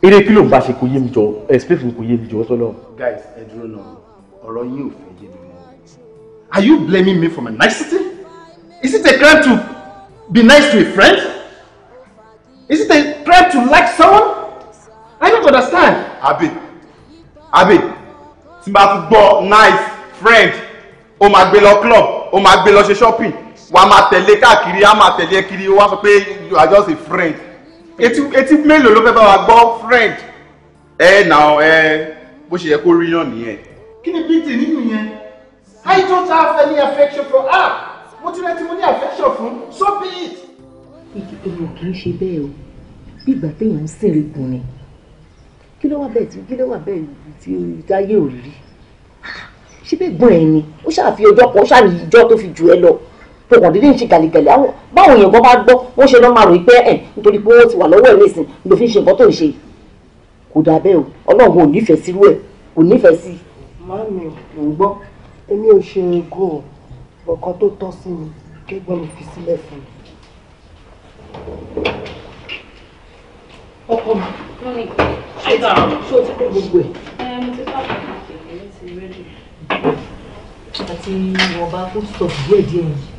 eré kí ló ń bá ṣe kò yé mi jọ explain fún mi kò yé mi jọ sọlọ. guys ẹ dúró náà ọ̀rọ̀ yìí ò fẹ́ yé mi mọ́ are you blaming me for my nicety is it a crime to be nice to a friend is it a crime to like someone i don't understand. abi abi tí n bá tún gbọ́ nice friend ó máa gbé lọ club ó máa gbé lọ ṣe shopping wàá máa tẹ̀lé káàkiri á máa tẹ̀lé kiri wàá sọ pé you are just a friend etí etí mélòó ló fẹ́ bá wa gbọ́ friend ẹ nà ẹ bó ṣe yẹ kó rí náà nìyẹn. kí ni bíntì nínú yẹn I don't have any affection for her mo ti rẹ ti mo ní affection fún so be it. èèyàn kì í ṣe bẹ́ẹ̀ o bí ìgbà téèyàn ń sèrè gùn ni kí ló wà bẹ́ẹ̀ tí kí ló wà bẹ́ẹ̀ tí táyé ò rí ṣé bẹ́ẹ̀ gbọ́n ẹ̀ ni ó ṣàfihàn ọjọ́ kan ó ṣàníyàn ọjọ́ tó fi jù ẹ lọ so kàn dídí ń ṣe gàlìgàlì àwọn báwọn èèyàn kan bá gbọ́ wọ́n ṣe lọ́ọ́ máa rò pé ẹ̀ nítorí pé wọ́n ti wà lọ́wọ́ ẹ̀rẹ́ ìsìn ló fi ń ṣe nǹkan tó ń ṣe kò dà bẹ́ẹ̀ o ọlọ́run ò nífẹ̀ẹ́ sí irú ẹ̀ kò nífẹ̀ẹ́ sí. màámi ò gbọ́ èmi ò ṣe egun o ọ̀kan tó tọ́ sí mi kégbọ́n mi fi sílẹ̀ fún mi. ọkọ mi ṣé o ti pé gbogbo ẹ̀. mo àti ìwọ̀nba food díẹ̀ díẹ̀ yìí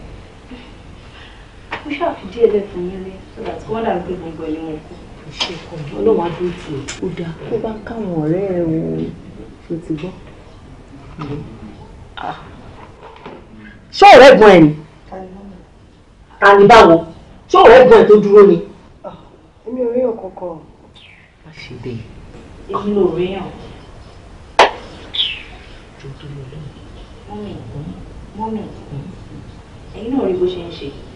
mo ṣáàfi díẹ̀ lẹ́fún yín rí so that wọ́n dàrú pé gbogbo ẹ̀yìn wọn kú. ọlọ́wọ́n á tó tiẹ̀. ó dáa kó bá ń káwọn ọ̀rẹ́ ẹ o ṣe ti gbọ́. Ah. ṣé ọ̀rẹ́ gan ẹ̀ ni àní báwo ṣé ọ̀rẹ́ gan ẹ̀ tó dúró ni. Ah, èmi ò ríyàn kankan. má ṣe bẹ́ẹ̀. èmi ò ríyàn. mọ́mì mọ́mì ẹ̀yin náà rí bó ṣe ń ṣe.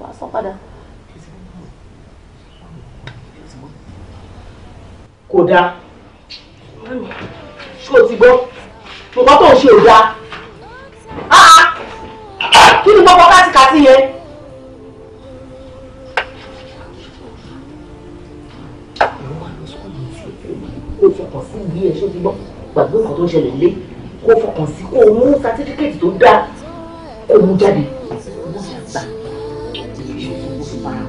wàá san padà. kò dáa ṣé o ti gbọ́ nǹkan tó ń ṣe ò dáa ah! kí ni gbogbo kátìkátì yẹn. kó fọkàn sí ilé ẹ ṣé o ti gbọ́ gbàgbé nǹkan tó ń ṣẹlẹ̀ lé kó fọkàn sí kó mú sátífíkẹ́tì tó dáa kó o mú jáde.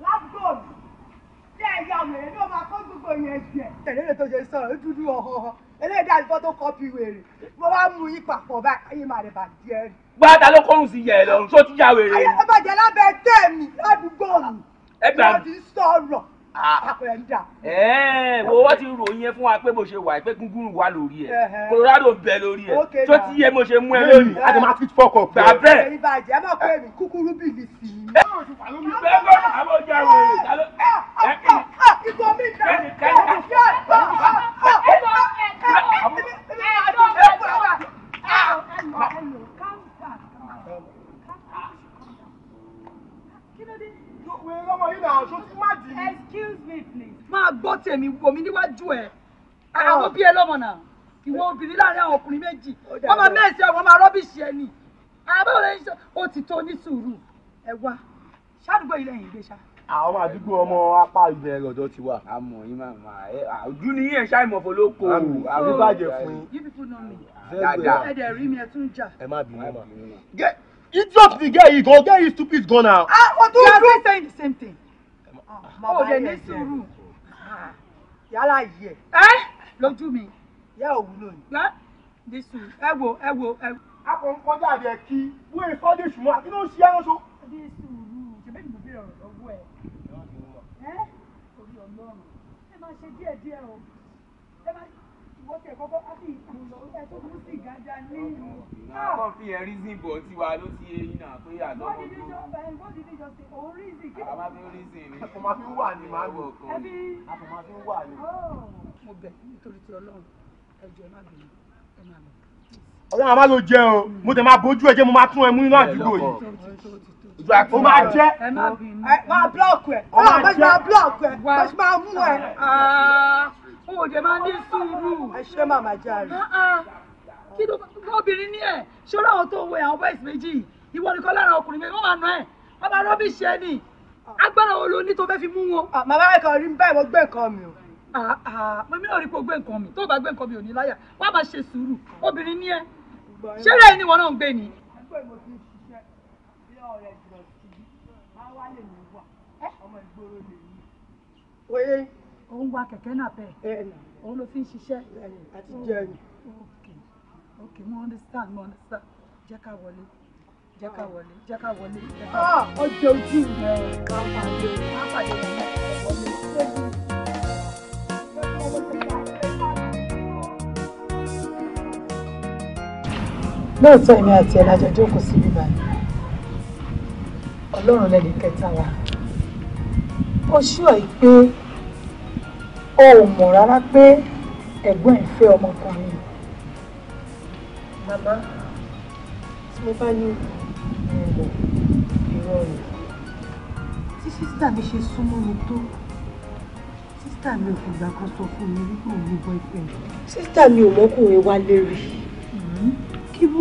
ládùúgbò mi tí ẹ ya wèrè ló máa kó gbogbo yẹn jẹ. tẹ̀lé tó ṣe sọ̀rọ̀ dúdú ọ̀họ̀họ̀ eléyìí àlùfọ́ tó kọ́ fi wèrè mo wá mú yín papọ̀ báyìí ayé màá rẹ̀ bàjẹ́ rí. wá ta ló kọrùn sí yẹ ẹ lọrùn tó ti ya wèrè. ayé bàjẹ́ lábẹ́ tẹ̀ mi ládùúgbò mi. ẹ gbà mí. mo ti sọ̀rọ̀ wo wọ́n ti ròyìn yẹn fún wa pé bó ṣe wà pé gúngún wà lórí ẹ̀ Colorado bẹ̀ lórí ẹ̀ tó ti yẹ mo ṣe mú ẹ lónìí a ti máa fi fọkàn fẹ́ abẹ́. ẹ̀yin bàjẹ́ ẹ máa kọ́ èmi kúkúrú bìlì sí i. bẹ́ẹ̀ bọ́ àwọn ọjà wèrè ta ló. ìbò mi dà yọ ìbò ìbò ẹ̀dọ́ ẹ̀dọ́ ẹ̀dọ́. kí ló dé? wèrè ọmọ yìí náà me please. máa gbọ́ tèmi wò mí níwájú ẹ̀ àwọn bí ẹ lọ́mọ náà ìwọ obìnrin láàrin àwọn ọkùnrin méjì wọ́n máa mẹ́sì ẹ̀ wọ́n máa rọ́bìṣì ẹ̀ nì àbáwọ̀ lẹ́yìn sọ ó ti tó ní sùúrù ẹ wá ṣàdúgbò ilẹ̀ yìí gbé ṣá àwọn àdúgbò ọmọ apá ibẹ̀ ọ̀dọ́ ti wà. àmọ̀ yín máa ma ẹ àjú ni yín ẹ ṣáà ìmọ̀fọ́ ló kó o àbí bàjẹ́ fún yín. yíbi fún nọ mi dáadáa ẹ dẹ̀ rí mi ẹ tún jà. ẹ má bínú he drop the guy. he go get his stupid gun now. ah o tún dúró you are saying the same thing. Ah, oh, de ní sùúrù yàrá yìí ẹ lójú mi yà ò wúlò ni. ẹ wo ẹ eh, wo ẹ. Eh, a kò ń kọjá àbẹ̀ kí wọ́n èso dé ṣùgbọ́n àti ló ń ṣe ẹran so. ní sùúrù ṣẹ̀bẹ́ ìgbò bí ọ̀rọ̀ lọ́wọ́ ẹ̀. ẹ eh? orí ọlọ́run ẹ máa ṣe díẹ̀díẹ̀ o ẹ máa ṣe kọ́ fi ẹ reason bọ̀ tiwa ló ti yé yín náà pé àlọ́ mọ̀ tó. àmà fi reason ni. kò máa fi wà ní màá lò kàn ní. kò máa fi wà ní. mo bẹ̀ nítorí ti ọlọ́run ẹjọ́ ẹ má bínú ẹ má lọ. ọlọ́run a máa lo jẹ o mo tẹ̀ máa bójú ẹ jẹ́ mo máa tún ẹ mú inú àdúgbò yìí o máa jẹ máa blọọkù ẹ máa blọọkù ẹ máa mú ẹ o ò dẹ̀ máa ní sùúrù. ẹ ṣe màmá jàre. kí ló obìnrin ní ẹ ṣọ́ra àwọn tó wọ àwọn bọ́ìsì méjì ìwọ nìkan lára ọkùnrin méjì wọ́n máa nà ẹ̀ wọ́n máa rọ́bì ṣe ni agbára wo ló ní tó fẹ́ fi mú wọn. Ah, màmá rẹ kan rí báyìí mo gbé nǹkan mi o. mo mi ò rí pé o gbé nǹkan mi tó o bá gbé nǹkan mi ò ní láyà wá máa ṣe sùúrù obìnrin ní ẹ ṣé rẹ ni wọn náà ń gbé ni. ẹgbẹ́ mo ti ṣiṣẹ́ ilé ọ̀rẹ́ ìgbọ̀nsí máa wá lè ní wà ọmọ ìgboro lè ní òun wa kẹ̀kẹ́ náà bẹ́ẹ̀ òun ló fi ń ṣiṣẹ́ àti oh, jẹ́ ẹni. ok mo understand mo understand jẹ́ ká wọlé jẹ́ ká wọlé jẹ́ ká wọlé jẹ́ ká wọlé. Ah, ọjọ́ ojú rẹ̀ ká pàdé ká pàdé ọ̀pọ̀lọpọ̀ lójú. lóòótọ́ èmi àti ẹ̀ lájọ jókòó sí bíbá yìí ọlọ́run lẹ́ni kẹta wa ó ṣúọ̀ yìí pé o ò mọ̀ rárá pé ẹ̀gbọ́n ẹ̀ fẹ́ ọmọkùnrin. màmá tí mo bá ní ìwọ̀ ìrọ̀ rẹ̀ tí sísítà mi ṣe súnmọ́ mi tó sísítà mi ò fìgbà kan sọ fún mi wípé òun ní boyfriend. sísítà mi ò mọ́kùnrin wá lérí. Hmm? kíbù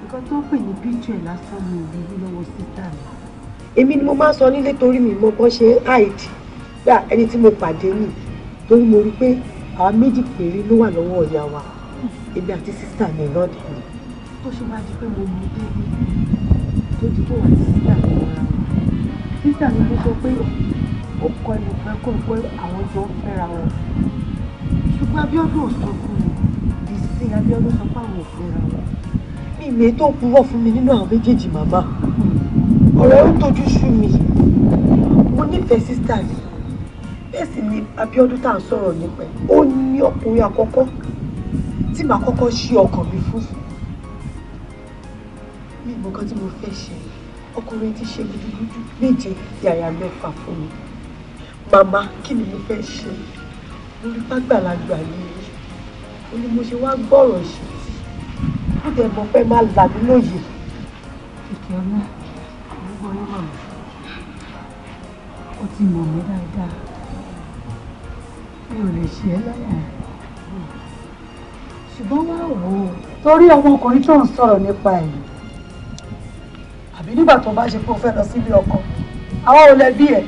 nǹkan tó ń pè ní píjọ ẹ̀ lásán mi ò rí lọ́wọ́ sísítà mi. èmi ni mo máa ń sọ nílé torí mi mọ bó ṣe ń hide ẹni tí mo pàdé nìyí torí mo rí i pé àwa méjì péré ló wà lọ́wọ́ ọ̀yà wa èmi àti sísà mi lọ́dẹ mi tó ṣe máa di pé mo mú délé tó di pé wà ní sísà mi lọ́ra wa sísà mi ló sọ pé ó kọ́ ni fẹ́ kó pé àwọn jọ ń fẹ́ra wọn ṣùgbọ́n Abíọ́dún ò sọ fún mi di sí Abíọ́dún sọ pé àwọn ò fẹ́ra wọn mi ìmì tó purọ́ fún mi nínú àwọn méjèèjì màmá ọ̀rọ̀ ń tojú sú mi mo nífẹ̀ẹ́ sísà mi bẹ́ẹ̀ sì ni Abíọ́dún tá à ń sọ̀rọ̀ nípa ẹ̀ ó ní ọkùnrin àkọ́kọ́ tí màá kọ́kọ́ ṣí ọkàn mi fún mi ìmọ̀ kan tí mo fẹ́ ṣe ọkùnrin ti ṣe gudugudu méje yàyà mẹ́fà fún mi màmá kí ni mo fẹ́ ṣe lórí pàgbàlagbà ni ó ní mo ṣe wá gbọ́rọ̀ ṣe tí ó dẹ̀ mọ̀ fẹ́ máa là mí lóye. kìkì ọlá ìwúgbọ́ yóò mọ̀ ọ́ ti mọ̀ mí dáadáa mi ò lè ṣe é lọ́wọ́ ṣùgbọ́n wá wò ó torí ọmọkùnrin tó ń sọ̀rọ̀ nípa ẹ̀ àbí nígbà tó bá ṣe pé o fẹ́ lọ sílé ọkọ àwọn ò lẹ́bí ẹ̀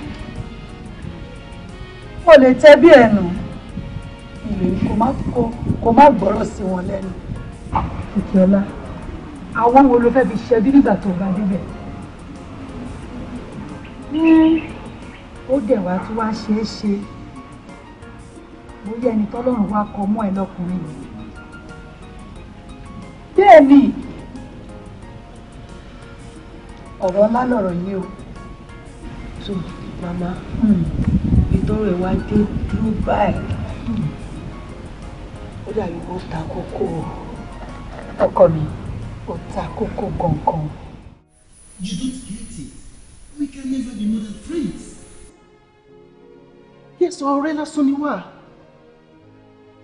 o lè tẹ́ bí ẹ̀ nù ìlè kò má gbọ́rọ̀ sí wọn lẹ́nu ìkíọ́lá àwọn wo ló fẹ́ fi ṣẹbí nígbà tó bá débẹ̀ ó dẹ̀ wá tó wá ṣeé ṣe bóyá ẹni tọ́lọ́run wá kọ mọ́ ẹ lọ́kùnrin yìí. bẹ́ẹ̀ni ọ̀rọ̀ ńlá lọ̀rọ̀ yìí o. tó màmá hmm. ìtọ́rọ̀ ẹ̀ wá dé dúró báyìí hmm. ó dàbí ó ta kókó ọkọ mi ó ta kókó gangan. You don't get it. We can never be more than friends. Yes, ọ̀rẹ́ lásán ni wá.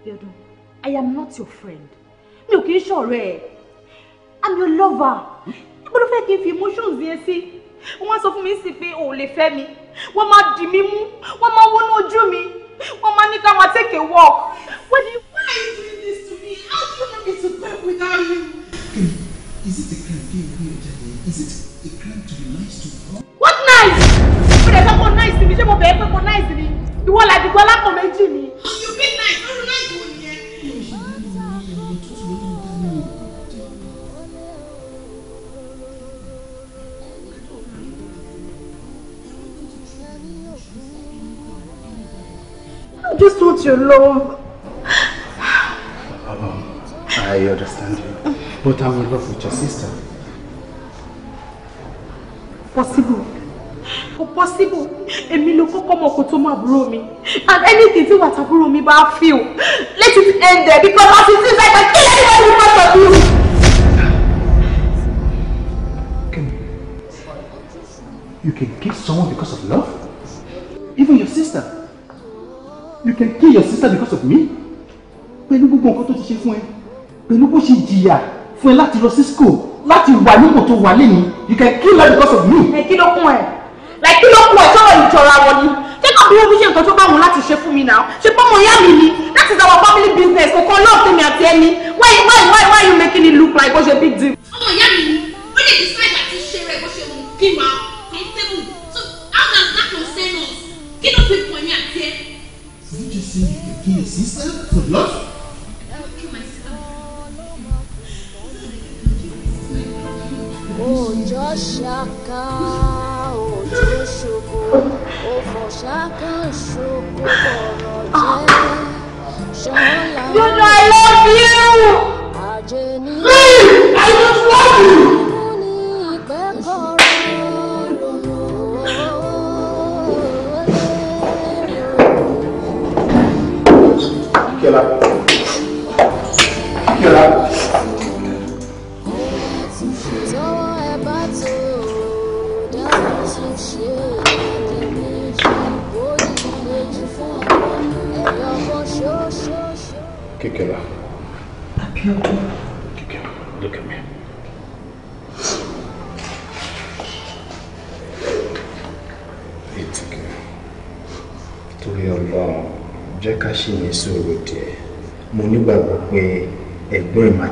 Abiodun, I am not your friend. Mi ò kì í I'm your lover. Ibo ló fẹ́ kí n fi emotions yẹn sí? Wọ́n sọ fún mi sí pé o ò lè fẹ́ mi. Wọ́n máa dì mí mú. Wọ́n máa wọnú ojú mi. Wọ́n máa ní ká máa take a walk. When you why are you doing this to me? How do you want me to cope without you? Is it a crime to be a weird? Is it a crime to be nice to God? What nice? Ó dẹ̀ fẹ́ kọ́ nice mi, ṣé mo bẹ̀ẹ́ fẹ́ kọ́ nice mi? ìwọ làdì gbọ́ lápò méjì mi. I just want your love. (sighs) I understand you, but I'm in love with your sister. Possible kò possible èmi ló kọ́kọ́ mọ̀ kó tó mọ àbúrò mi and anything tí wàtà àbúrò mi bá feel let it end there because as it is I can kill anybody who wants to do. You can kill someone because of love? Even your sister? You can kill your sister because of me? Pẹ̀lú gbogbo nǹkan tó ti ṣe fún ẹ, pẹ̀lú bó ṣe jìyà fún ẹ láti lọ sí school, láti wà nípò tó wà lẹ́nu, you can kill her because of me. Ẹ kí ló kún ẹ? like kí ló kú ẹ̀ sọ̀rọ̀ ìjọra wọn ni ṣé kàn bí wọ́n fi ṣe nǹkan tó bá wọn láti ṣe fún mi náà ṣe pọ́n mọ̀ ìyá mi ni that is our family business kò kọ́ lọ́ọ̀ tèmi àti ẹni why why why why you making it look like ó ṣe big deal. ọmọ ìyá mi ni ó lè decide àti ṣe rẹ bó ṣe wù kí wà comfortable so how does that concern us kí ló fi pọ̀ ní àti ẹ. you just say you dey kill your sister for love. Oh, Joshua. 我放下根，数不过落尽。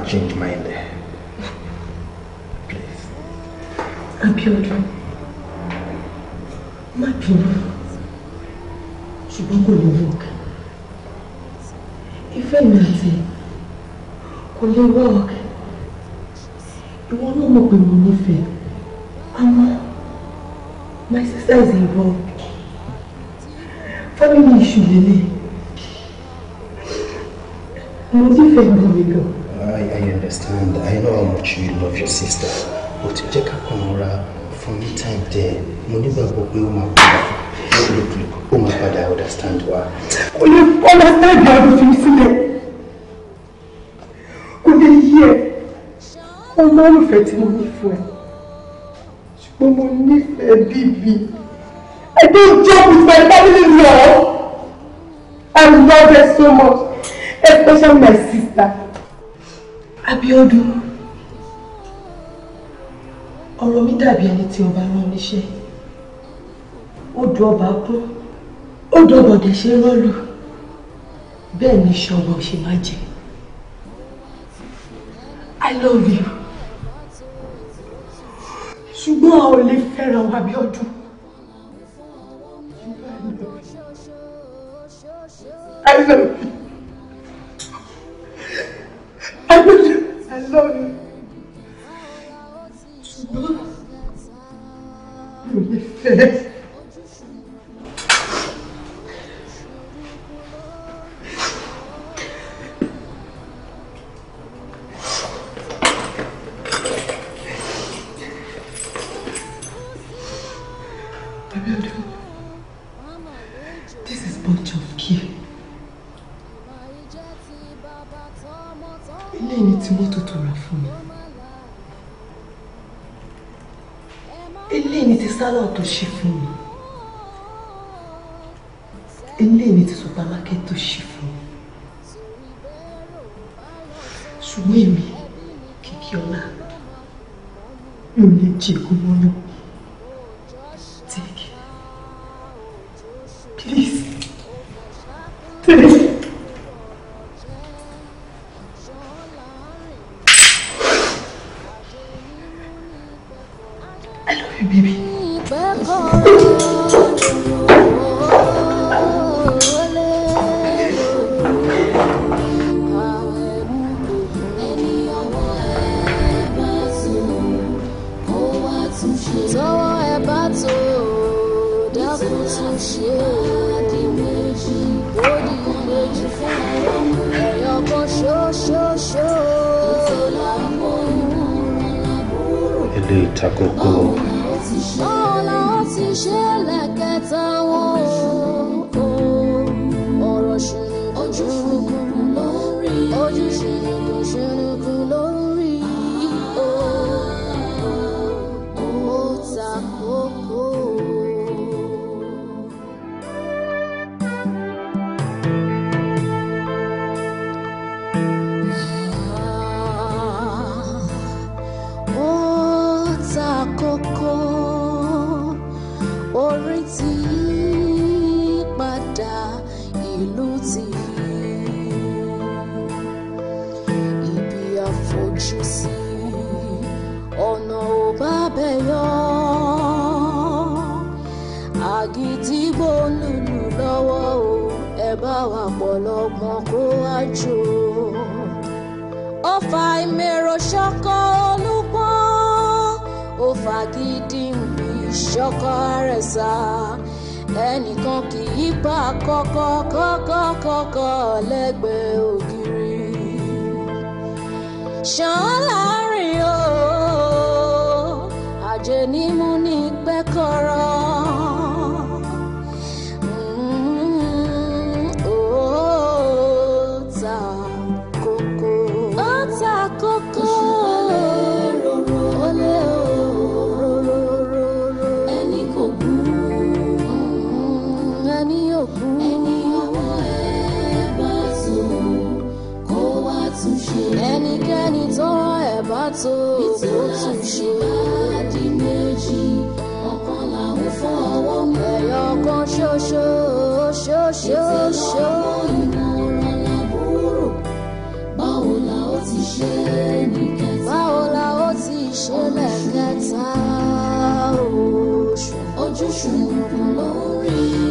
gente, mas lólùfẹ́ tí mo ní fún ẹ ṣùgbọ́n mo nífẹ̀ẹ́ bíbí ẹgbẹ́ ìjọ with my family law I love her so much especially my sister Abiodun ọ̀rọ̀ mi dàbí ẹni tí ọba rán níṣẹ́ ó du ọba kún ó du ọbọ̀dẹ̀ ṣe rọ́lù bẹ́ẹ̀ ni ṣọwọ́ ṣe máa jẹ I love you ṣùgbọ́n a ò lè fẹ́ràn wa bí ọdún. I love you. I love you. I love you. káwa pọ̀lọ́gbọ́n kó wá jò ó fa ìmẹ̀rọ ṣọkọ olúgbọ́n ó fa gidi ìwé ìṣọkọ àrẹ̀sà ẹnìkan kì í pa kọ́kọ́ kọ́kọ́ kọ́kọ́ lẹ́gbẹ̀ẹ́ ògiri ṣàn láàrin o àjẹnímú ní pẹ́kọ̀rọ̀. ṣó ṣó ṣó ṣó. ìmọ̀ràn làbúrò báwo la ó ti ṣe nìkẹta. báwo la ó ti ṣe lẹ́kẹta oṣù. ojúṣùn kan ló ń rí i.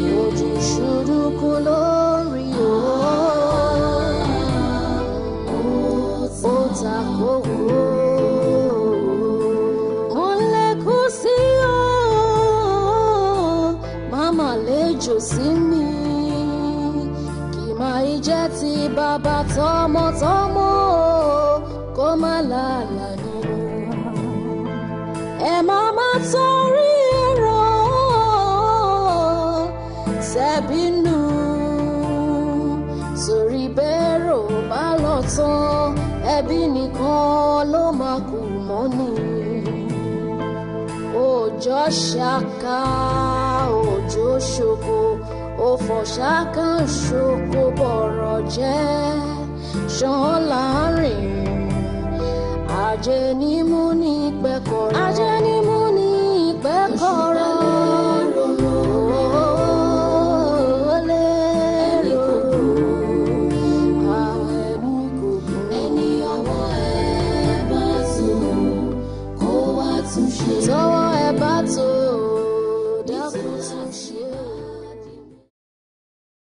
tọmọtọmọ kó má làlàyé ẹ má má torí ẹ̀rọ ṣẹ́bínú sórí bẹ́ẹ̀rọ bá lọ tán ẹbí nìkan ló máa kù mọ́ni òjò ṣáká òjò ṣoko ó fọ̀ ṣoko bọ̀rọ̀ jẹ́ ṣan láàrin àjẹ ni mo ní pẹ́kọ̀rọ̀.